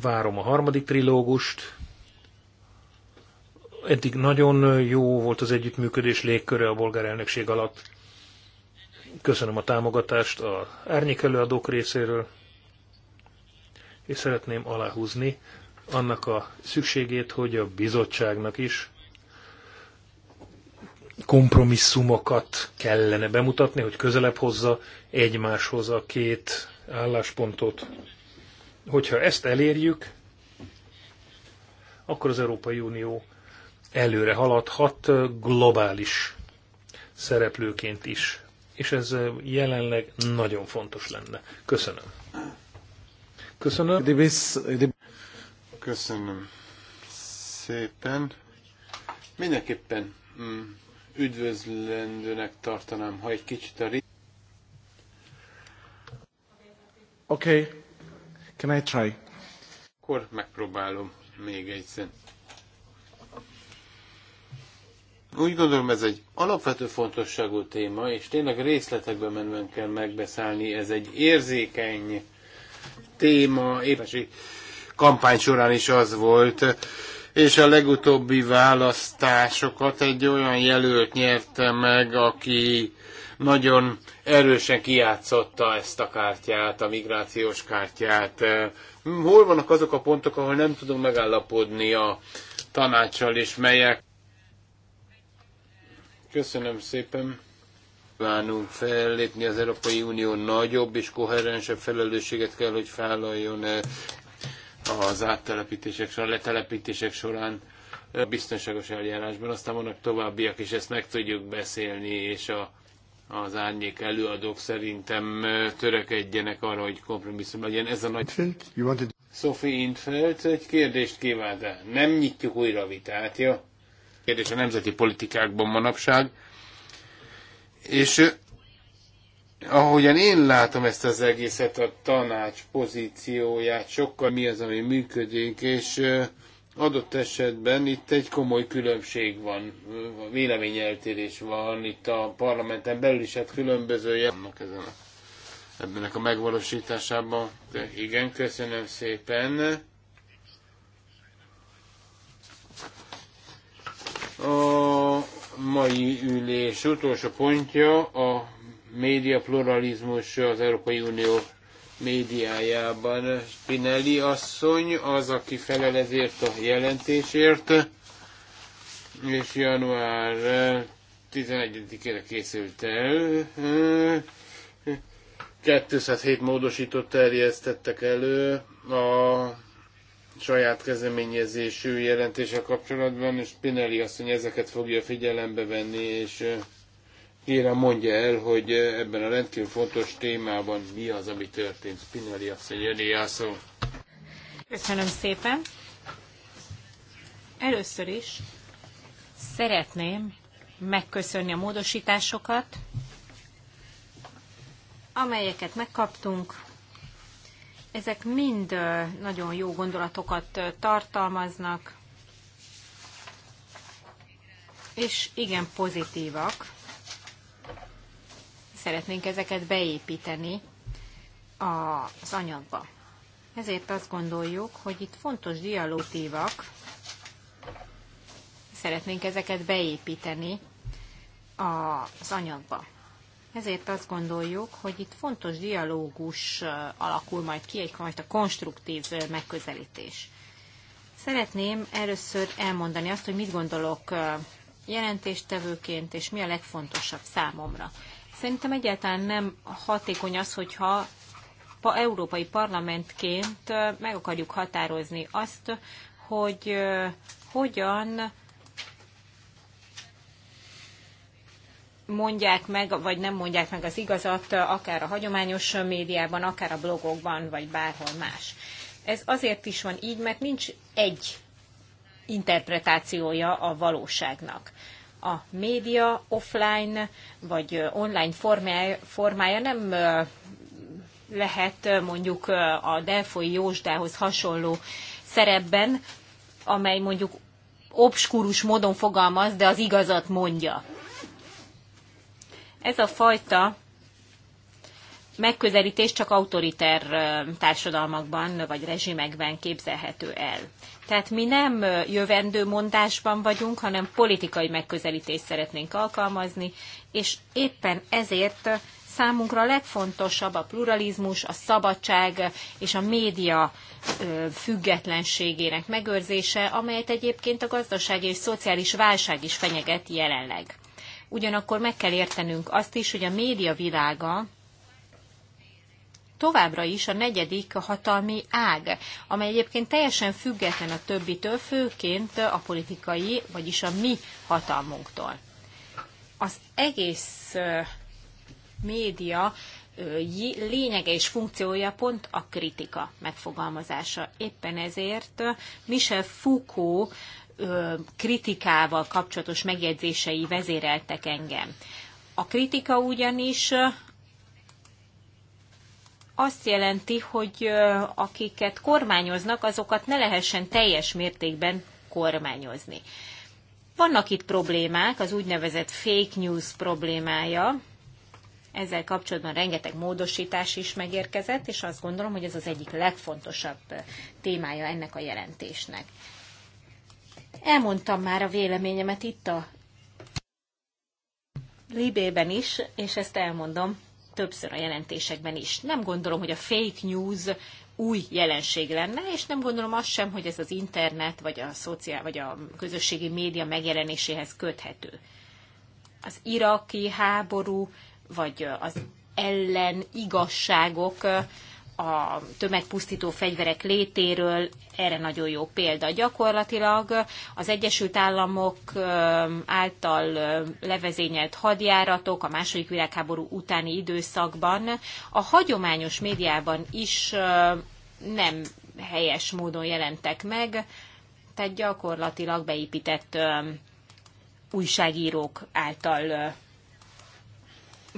várom a harmadik trilógust. Eddig nagyon jó volt az együttműködés légköre a bolgár elnökség alatt. Köszönöm a támogatást a árnyék előadók részéről, és szeretném aláhúzni annak a szükségét, hogy a bizottságnak is kompromisszumokat kellene bemutatni, hogy közelebb hozza egymáshoz a két álláspontot. Hogyha ezt elérjük, akkor az Európai Unió előre haladhat globális szereplőként is. És ez jelenleg nagyon fontos lenne. Köszönöm. Köszönöm. Köszönöm szépen. Mindenképpen mm, üdvözlendőnek tartanám, ha egy kicsit a... Oké. Okay. Can I try? Akkor megpróbálom még egyszer. Úgy gondolom, ez egy alapvető fontosságú téma, és tényleg részletekben menve kell megbeszállni. Ez egy érzékeny téma, éppesi kampány során is az volt, és a legutóbbi választásokat egy olyan jelölt nyerte meg, aki nagyon erősen kijátszotta ezt a kártyát, a migrációs kártyát. Hol vannak azok a pontok, ahol nem tudunk megállapodni a tanácssal, és melyek? Köszönöm szépen. Kívánunk fellépni, az Európai Unió nagyobb és koherensebb felelősséget kell, hogy vállaljon eh, az áttelepítések során, letelepítések során eh, biztonságos eljárásban. Aztán vannak továbbiak, és ezt meg tudjuk beszélni, és a az árnyék előadók szerintem törekedjenek arra, hogy kompromisszum legyen. Ez a nagy... Wanted... Sophie Infeld egy kérdést kívánt -e? Nem nyitjuk újra a vitát, jó? Kérdés a nemzeti politikákban manapság. És ahogyan én látom ezt az egészet, a tanács pozícióját, sokkal mi az, ami működik, és adott esetben itt egy komoly különbség van, véleményeltérés van, itt a parlamenten belül is hát különböző vannak ezen a, ebbenek a megvalósításában. De igen, köszönöm szépen. A mai ülés utolsó pontja a média pluralizmus az Európai Unió médiájában. Spinelli asszony az, aki felel ezért a jelentésért, és január 11-ére készült el. 207 módosított terjesztettek elő a saját kezdeményezésű jelentése kapcsolatban, és Spinelli asszony ezeket fogja figyelembe venni, és kérem mondja el, hogy eh, ebben a rendkívül fontos témában mi az, ami történt. Spinelli asszony, jönni szó. Köszönöm szépen. Először is szeretném megköszönni a módosításokat, amelyeket megkaptunk. Ezek mind eh, nagyon jó gondolatokat eh, tartalmaznak, és igen pozitívak szeretnénk ezeket beépíteni az anyagba. Ezért azt gondoljuk, hogy itt fontos dialótívak, szeretnénk ezeket beépíteni az anyagba. Ezért azt gondoljuk, hogy itt fontos dialógus alakul majd ki, egyfajta konstruktív megközelítés. Szeretném először elmondani azt, hogy mit gondolok jelentéstevőként, és mi a legfontosabb számomra. Szerintem egyáltalán nem hatékony az, hogyha pa, európai parlamentként meg akarjuk határozni azt, hogy hogyan mondják meg, vagy nem mondják meg az igazat, akár a hagyományos médiában, akár a blogokban, vagy bárhol más. Ez azért is van így, mert nincs egy interpretációja a valóságnak a média offline vagy online formája, formája nem lehet mondjuk a Delfoi Jósdához hasonló szerepben, amely mondjuk obskurus módon fogalmaz, de az igazat mondja. Ez a fajta megközelítés csak autoriter társadalmakban vagy rezsimekben képzelhető el. Tehát mi nem jövendő mondásban vagyunk, hanem politikai megközelítést szeretnénk alkalmazni, és éppen ezért számunkra a legfontosabb a pluralizmus, a szabadság és a média függetlenségének megőrzése, amelyet egyébként a gazdaság és szociális válság is fenyeget jelenleg. Ugyanakkor meg kell értenünk azt is, hogy a média világa továbbra is a negyedik hatalmi ág, amely egyébként teljesen független a többitől, főként a politikai, vagyis a mi hatalmunktól. Az egész média lényege és funkciója pont a kritika megfogalmazása. Éppen ezért Michel Foucault kritikával kapcsolatos megjegyzései vezéreltek engem. A kritika ugyanis azt jelenti, hogy akiket kormányoznak, azokat ne lehessen teljes mértékben kormányozni. Vannak itt problémák, az úgynevezett fake news problémája. Ezzel kapcsolatban rengeteg módosítás is megérkezett, és azt gondolom, hogy ez az egyik legfontosabb témája ennek a jelentésnek. Elmondtam már a véleményemet itt a Libében is, és ezt elmondom többször a jelentésekben is. Nem gondolom, hogy a fake news új jelenség lenne, és nem gondolom azt sem, hogy ez az internet vagy a, szociál, vagy a közösségi média megjelenéséhez köthető. Az iraki háború, vagy az ellen igazságok a tömegpusztító fegyverek létéről, erre nagyon jó példa. Gyakorlatilag az Egyesült Államok által levezényelt hadjáratok a második világháború utáni időszakban a hagyományos médiában is nem helyes módon jelentek meg, tehát gyakorlatilag beépített újságírók által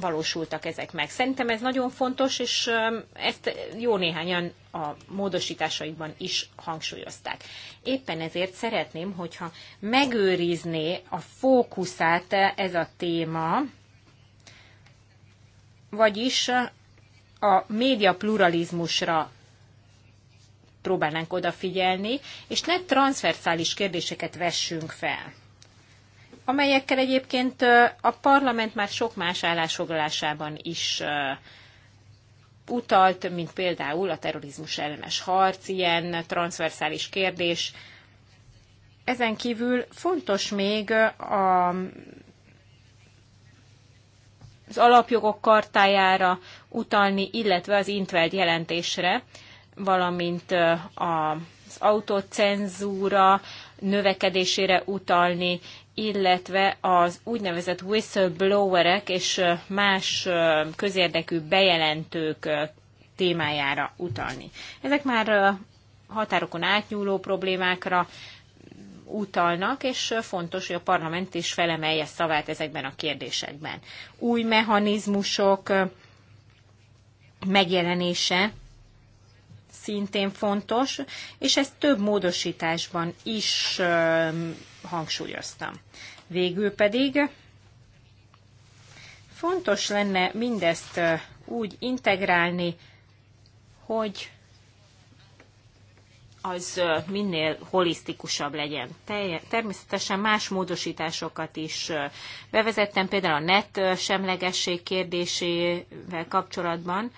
valósultak ezek meg. Szerintem ez nagyon fontos, és ezt jó néhányan a módosításaikban is hangsúlyozták. Éppen ezért szeretném, hogyha megőrizné a fókuszát ez a téma, vagyis a média pluralizmusra próbálnánk odafigyelni, és ne transverszális kérdéseket vessünk fel amelyekkel egyébként a parlament már sok más állásfoglalásában is utalt, mint például a terrorizmus ellenes harc, ilyen transzverszális kérdés. Ezen kívül fontos még a, az alapjogok kartájára utalni, illetve az Intveld jelentésre, valamint az autocenzúra növekedésére utalni, illetve az úgynevezett whistleblowerek és más közérdekű bejelentők témájára utalni. Ezek már határokon átnyúló problémákra utalnak, és fontos, hogy a parlament is felemelje szavát ezekben a kérdésekben. Új mechanizmusok megjelenése szintén fontos, és ezt több módosításban is hangsúlyoztam. Végül pedig fontos lenne mindezt úgy integrálni, hogy az minél holisztikusabb legyen. Természetesen más módosításokat is bevezettem, például a net semlegesség kérdésével kapcsolatban,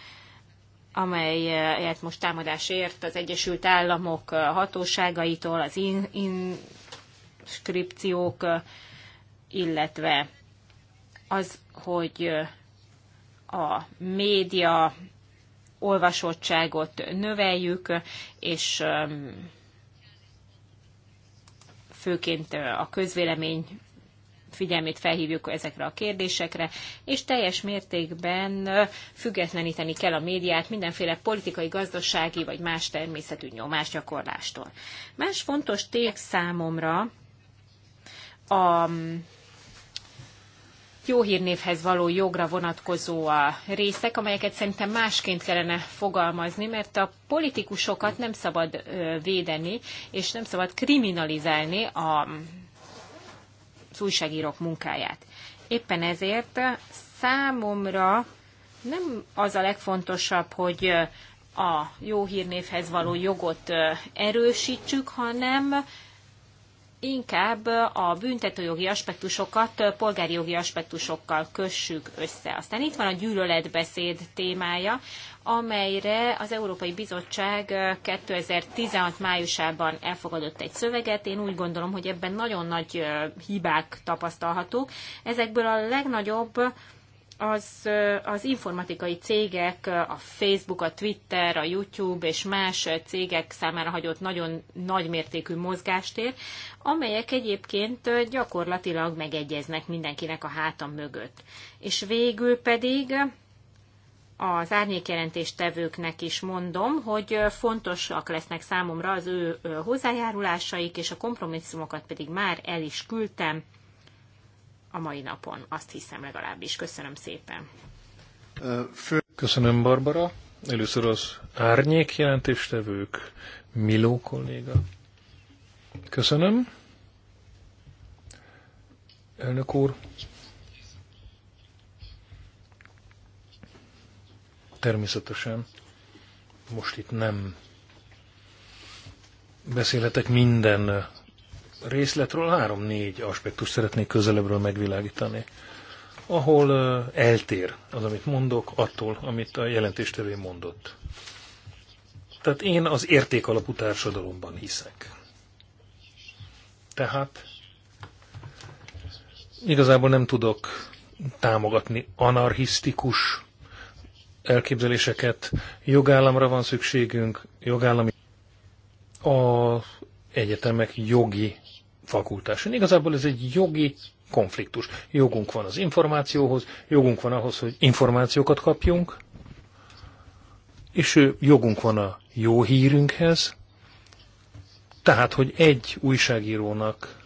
amelyet most támadás ért az Egyesült Államok hatóságaitól, az in, inskripciók, illetve az, hogy a média olvasottságot növeljük, és um, főként a közvélemény figyelmét felhívjuk ezekre a kérdésekre, és teljes mértékben függetleníteni kell a médiát mindenféle politikai, gazdasági vagy más természetű gyakorlástól. Más fontos tég számomra a mm, jó hírnévhez való jogra vonatkozó a részek, amelyeket szerintem másként kellene fogalmazni, mert a politikusokat nem szabad védeni, és nem szabad kriminalizálni a az újságírók munkáját. Éppen ezért számomra nem az a legfontosabb, hogy a jó hírnévhez való jogot erősítsük, hanem inkább a büntetőjogi aspektusokat polgári jogi aspektusokkal kössük össze. Aztán itt van a gyűlöletbeszéd témája, amelyre az Európai Bizottság 2016 májusában elfogadott egy szöveget. Én úgy gondolom, hogy ebben nagyon nagy hibák tapasztalhatók. Ezekből a legnagyobb az, az informatikai cégek, a Facebook, a Twitter, a YouTube és más cégek számára hagyott nagyon nagymértékű mozgástér, amelyek egyébként gyakorlatilag megegyeznek mindenkinek a háta mögött. És végül pedig az tevőknek is mondom, hogy fontosak lesznek számomra az ő hozzájárulásaik, és a kompromisszumokat pedig már el is küldtem a mai napon, azt hiszem legalábbis. Köszönöm szépen. Köszönöm, Barbara. Először az árnyék jelentéstevők, Miló kolléga. Köszönöm. Elnök úr. Természetesen most itt nem beszélhetek minden részletről három-négy aspektus szeretnék közelebbről megvilágítani, ahol eltér az, amit mondok, attól, amit a jelentéstevő mondott. Tehát én az értékalapú társadalomban hiszek. Tehát igazából nem tudok támogatni anarchisztikus elképzeléseket. Jogállamra van szükségünk, jogállami a egyetemek jogi fakultáson. Igazából ez egy jogi konfliktus. Jogunk van az információhoz, jogunk van ahhoz, hogy információkat kapjunk, és jogunk van a jó hírünkhez, tehát, hogy egy újságírónak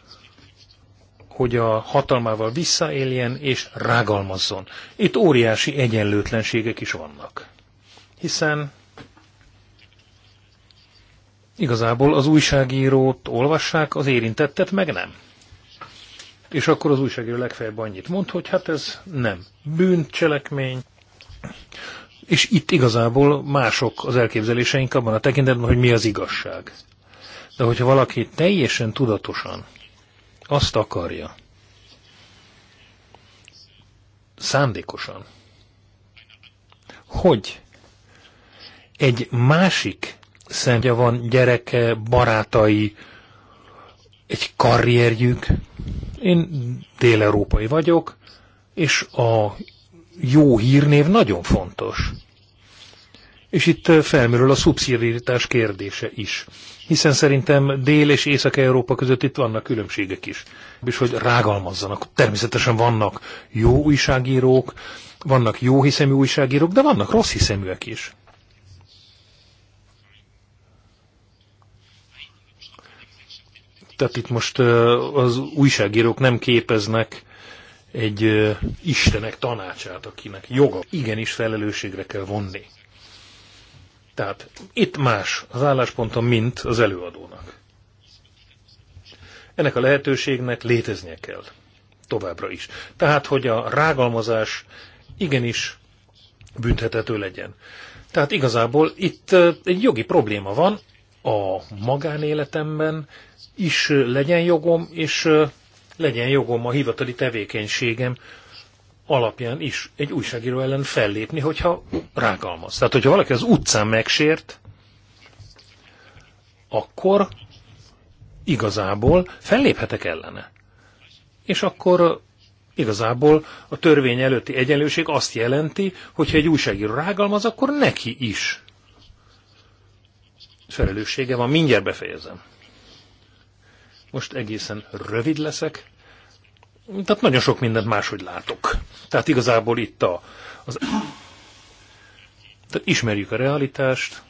hogy a hatalmával visszaéljen és rágalmazzon. Itt óriási egyenlőtlenségek is vannak. Hiszen igazából az újságírót olvassák, az érintettet meg nem. És akkor az újságíró legfeljebb annyit mond, hogy hát ez nem bűncselekmény, és itt igazából mások az elképzeléseink abban a tekintetben, hogy mi az igazság. De hogyha valaki teljesen tudatosan azt akarja, szándékosan, hogy egy másik szentje van, gyereke, barátai, egy karrierjük. Én dél-európai vagyok, és a jó hírnév nagyon fontos. És itt felmerül a szubszidiaritás kérdése is. Hiszen szerintem Dél- és Észak-Európa között itt vannak különbségek is. És hogy rágalmazzanak. Természetesen vannak jó újságírók, vannak jó hiszemű újságírók, de vannak rossz hiszeműek is. Tehát itt most az újságírók nem képeznek egy Istenek tanácsát, akinek joga igenis felelősségre kell vonni. Tehát itt más az állásponta, mint az előadónak. Ennek a lehetőségnek léteznie kell. Továbbra is. Tehát, hogy a rágalmazás igenis büntethető legyen. Tehát igazából itt egy jogi probléma van a magánéletemben is legyen jogom, és legyen jogom a hivatali tevékenységem alapján is egy újságíró ellen fellépni, hogyha rágalmaz. Tehát, hogyha valaki az utcán megsért, akkor igazából felléphetek ellene. És akkor igazából a törvény előtti egyenlőség azt jelenti, hogyha egy újságíró rágalmaz, akkor neki is felelőssége van. Mindjárt befejezem. Most egészen rövid leszek, tehát nagyon sok mindent máshogy látok. Tehát igazából itt a, az... Tehát ismerjük a realitást,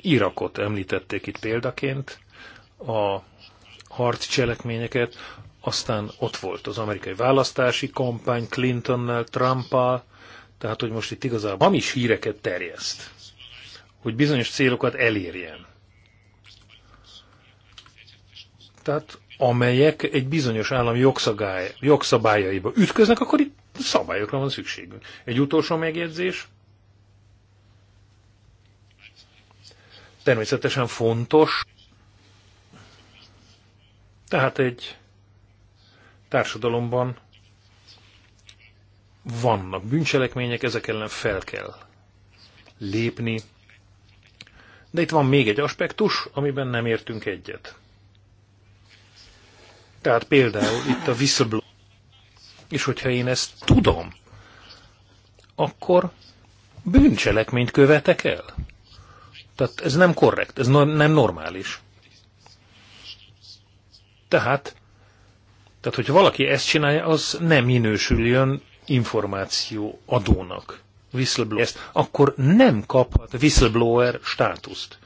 Irakot említették itt példaként, a harci cselekményeket, aztán ott volt az amerikai választási kampány Clintonnel, Trumpal, tehát hogy most itt igazából hamis híreket terjeszt hogy bizonyos célokat elérjen. Tehát amelyek egy bizonyos állam jogszabályaiba ütköznek, akkor itt szabályokra van szükségünk. Egy utolsó megjegyzés. Természetesen fontos. Tehát egy társadalomban vannak bűncselekmények, ezek ellen fel kell lépni, de itt van még egy aspektus, amiben nem értünk egyet. Tehát például itt a whistleblower. És hogyha én ezt tudom, akkor bűncselekményt követek el. Tehát ez nem korrekt, ez no nem normális. Tehát, tehát hogyha valaki ezt csinálja, az nem minősüljön információ adónak whistleblower akkor nem kaphat whistleblower státuszt.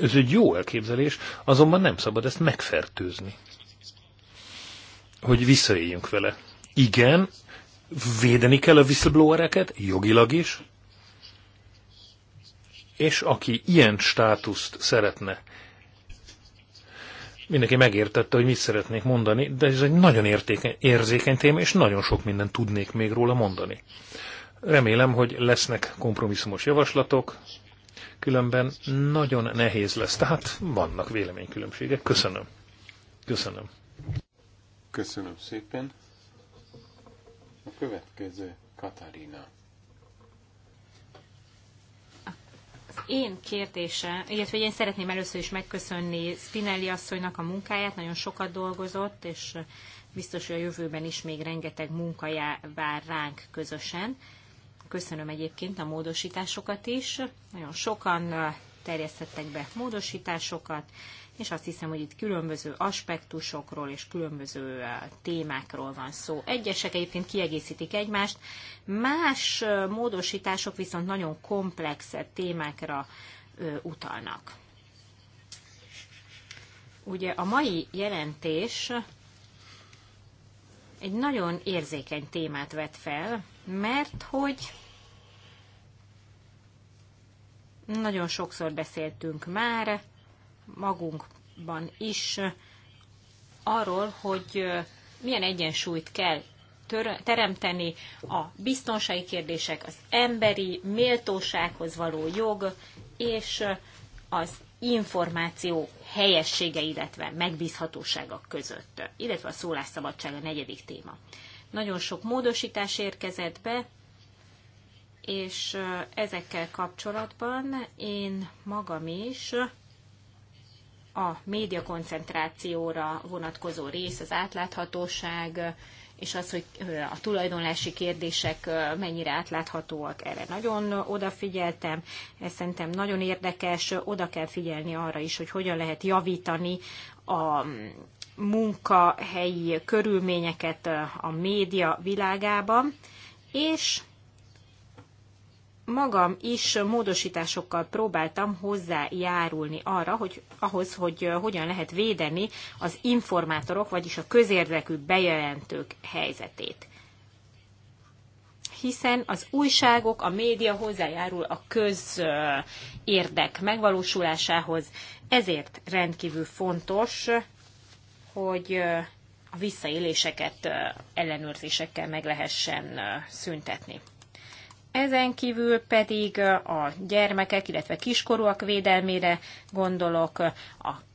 Ez egy jó elképzelés, azonban nem szabad ezt megfertőzni. Hogy visszaéljünk vele. Igen, védeni kell a whistleblowereket, jogilag is, és aki ilyen státuszt szeretne, mindenki megértette, hogy mit szeretnék mondani, de ez egy nagyon értéke, érzékeny téma, és nagyon sok mindent tudnék még róla mondani. Remélem, hogy lesznek kompromisszumos javaslatok, különben nagyon nehéz lesz. Tehát vannak véleménykülönbségek. Köszönöm. Köszönöm. Köszönöm szépen. A következő Katarina. Az én kérdése, illetve én szeretném először is megköszönni Spinelli asszonynak a munkáját, nagyon sokat dolgozott, és biztos, hogy a jövőben is még rengeteg munkája vár ránk közösen. Köszönöm egyébként a módosításokat is. Nagyon sokan terjesztettek be módosításokat, és azt hiszem, hogy itt különböző aspektusokról és különböző témákról van szó. Egyesek egyébként kiegészítik egymást, más módosítások viszont nagyon komplex témákra utalnak. Ugye a mai jelentés egy nagyon érzékeny témát vet fel, mert hogy nagyon sokszor beszéltünk már magunkban is arról, hogy milyen egyensúlyt kell teremteni a biztonsági kérdések, az emberi méltósághoz való jog és az információ helyessége, illetve megbízhatósága között, illetve a szólásszabadság a negyedik téma. Nagyon sok módosítás érkezett be, és ezekkel kapcsolatban én magam is a médiakoncentrációra vonatkozó rész, az átláthatóság, és az, hogy a tulajdonlási kérdések mennyire átláthatóak, erre nagyon odafigyeltem. Ez szerintem nagyon érdekes, oda kell figyelni arra is, hogy hogyan lehet javítani a munkahelyi körülményeket a média világában, és magam is módosításokkal próbáltam hozzájárulni arra, hogy ahhoz, hogy hogyan lehet védeni az informátorok, vagyis a közérdekű bejelentők helyzetét. Hiszen az újságok, a média hozzájárul a közérdek megvalósulásához, ezért rendkívül fontos, hogy a visszaéléseket ellenőrzésekkel meg lehessen szüntetni. Ezen kívül pedig a gyermekek, illetve kiskorúak védelmére gondolok, a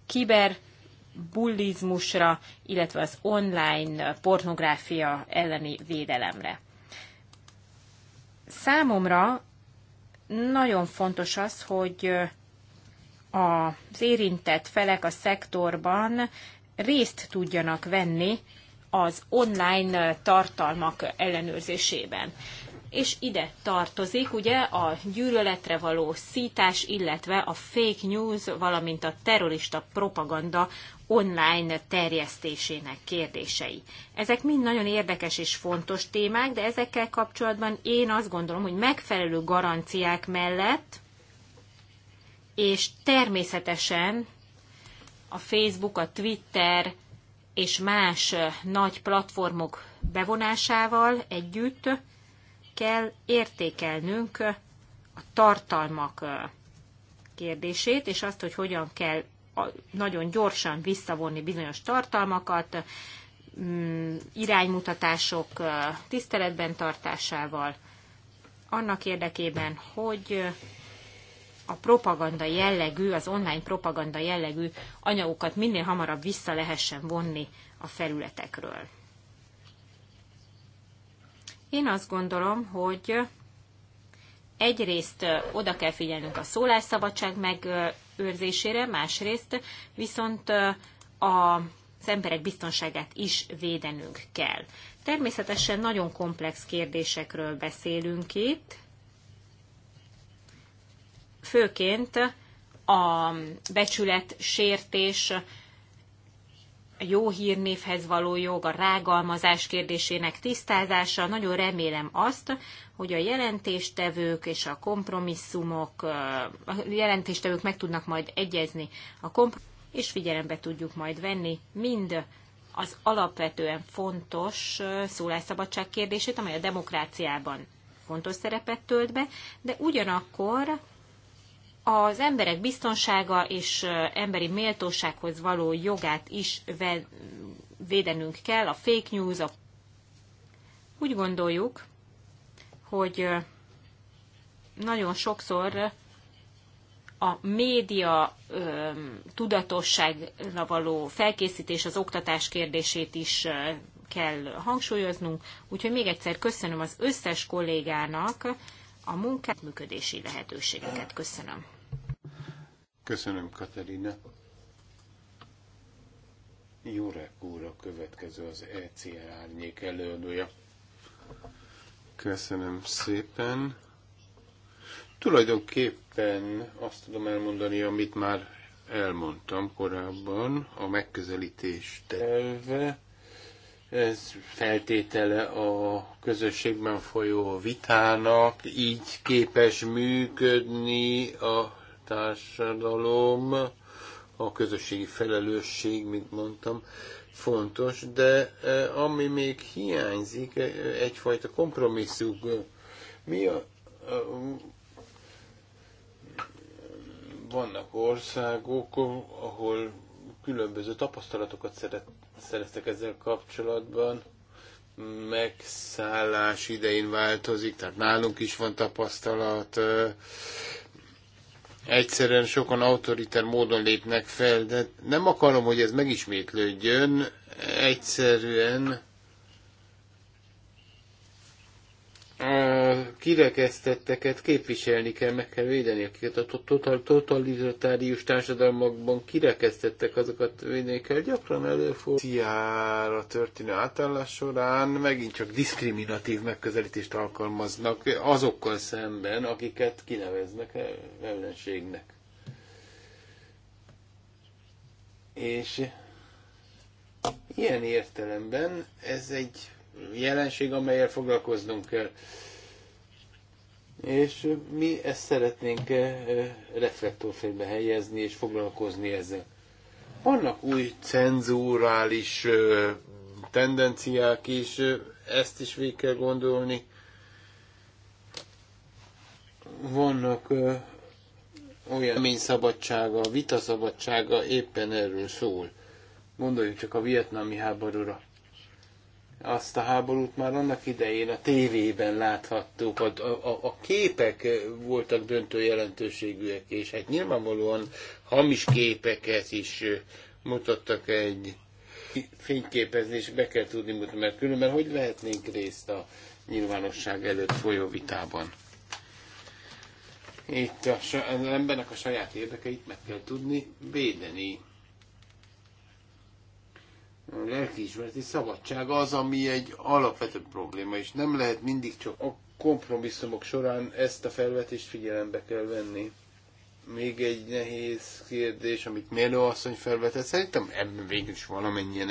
kiberbullizmusra, illetve az online pornográfia elleni védelemre. Számomra nagyon fontos az, hogy az érintett felek a szektorban részt tudjanak venni az online tartalmak ellenőrzésében és ide tartozik ugye a gyűlöletre való szítás, illetve a fake news, valamint a terrorista propaganda online terjesztésének kérdései. Ezek mind nagyon érdekes és fontos témák, de ezekkel kapcsolatban én azt gondolom, hogy megfelelő garanciák mellett, és természetesen a Facebook, a Twitter és más eh, nagy platformok bevonásával együtt kell értékelnünk a tartalmak kérdését, és azt, hogy hogyan kell nagyon gyorsan visszavonni bizonyos tartalmakat, mm, iránymutatások tiszteletben tartásával, annak érdekében, hogy a propaganda jellegű, az online propaganda jellegű anyagokat minél hamarabb vissza lehessen vonni a felületekről. Én azt gondolom, hogy egyrészt oda kell figyelnünk a szólásszabadság megőrzésére, másrészt viszont a az emberek biztonságát is védenünk kell. Természetesen nagyon komplex kérdésekről beszélünk itt, főként a becsület sértés jó hírnévhez való jog, a rágalmazás kérdésének tisztázása. Nagyon remélem azt, hogy a jelentéstevők és a kompromisszumok, a jelentéstevők meg tudnak majd egyezni a és figyelembe tudjuk majd venni mind az alapvetően fontos szólásszabadság kérdését, amely a demokráciában fontos szerepet tölt be, de ugyanakkor az emberek biztonsága és emberi méltósághoz való jogát is védenünk kell, a fake news, -ok. úgy gondoljuk, hogy nagyon sokszor a média ö, tudatosságra való felkészítés az oktatás kérdését is kell hangsúlyoznunk. Úgyhogy még egyszer köszönöm az összes kollégának, a munkát, működési lehetőségeket. Köszönöm. Köszönöm, Katerina. Jurek úr a következő az ECR árnyék előadója. Köszönöm szépen. Tulajdonképpen azt tudom elmondani, amit már elmondtam korábban, a megközelítés terve ez feltétele a közösségben folyó vitának, így képes működni a társadalom, a közösségi felelősség, mint mondtam, fontos, de e, ami még hiányzik, e, egyfajta kompromisszum. Mi a, e, vannak országok, ahol különböző tapasztalatokat szeret szereztek ezzel kapcsolatban. Megszállás idején változik, tehát nálunk is van tapasztalat. Egyszerűen sokan autoriter módon lépnek fel, de nem akarom, hogy ez megismétlődjön. Egyszerűen kirekesztetteket képviselni kell, meg kell védeni, akiket a total, totalitárius társadalmakban kirekesztettek, azokat védeni kell. Gyakran előfordul. Ciára történő átállás során megint csak diszkriminatív megközelítést alkalmaznak azokkal szemben, akiket kineveznek ellenségnek. És ilyen értelemben ez egy jelenség, amelyel foglalkoznunk kell. És mi ezt szeretnénk eh, eh, reflektorfénybe helyezni és foglalkozni ezzel. Vannak új cenzúrális eh, tendenciák is, ezt is végig kell gondolni. Vannak olyan kemény szabadsága, vita szabadsága éppen erről szól. Gondoljunk csak a vietnámi háborúra azt a háborút már annak idején a tévében láthattuk, a, a, a képek voltak döntő jelentőségűek, és hát nyilvánvalóan hamis képeket is mutattak egy fényképezés be kell tudni mutatni, mert különben hogy lehetnénk részt a nyilvánosság előtt folyó vitában? Itt a, az embernek a saját érdekeit meg kell tudni védeni lelkiismereti szabadság az, ami egy alapvető probléma, és nem lehet mindig csak a kompromisszumok során ezt a felvetést figyelembe kell venni. Még egy nehéz kérdés, amit Mélő asszony felvetett, szerintem ebben végül is valamennyien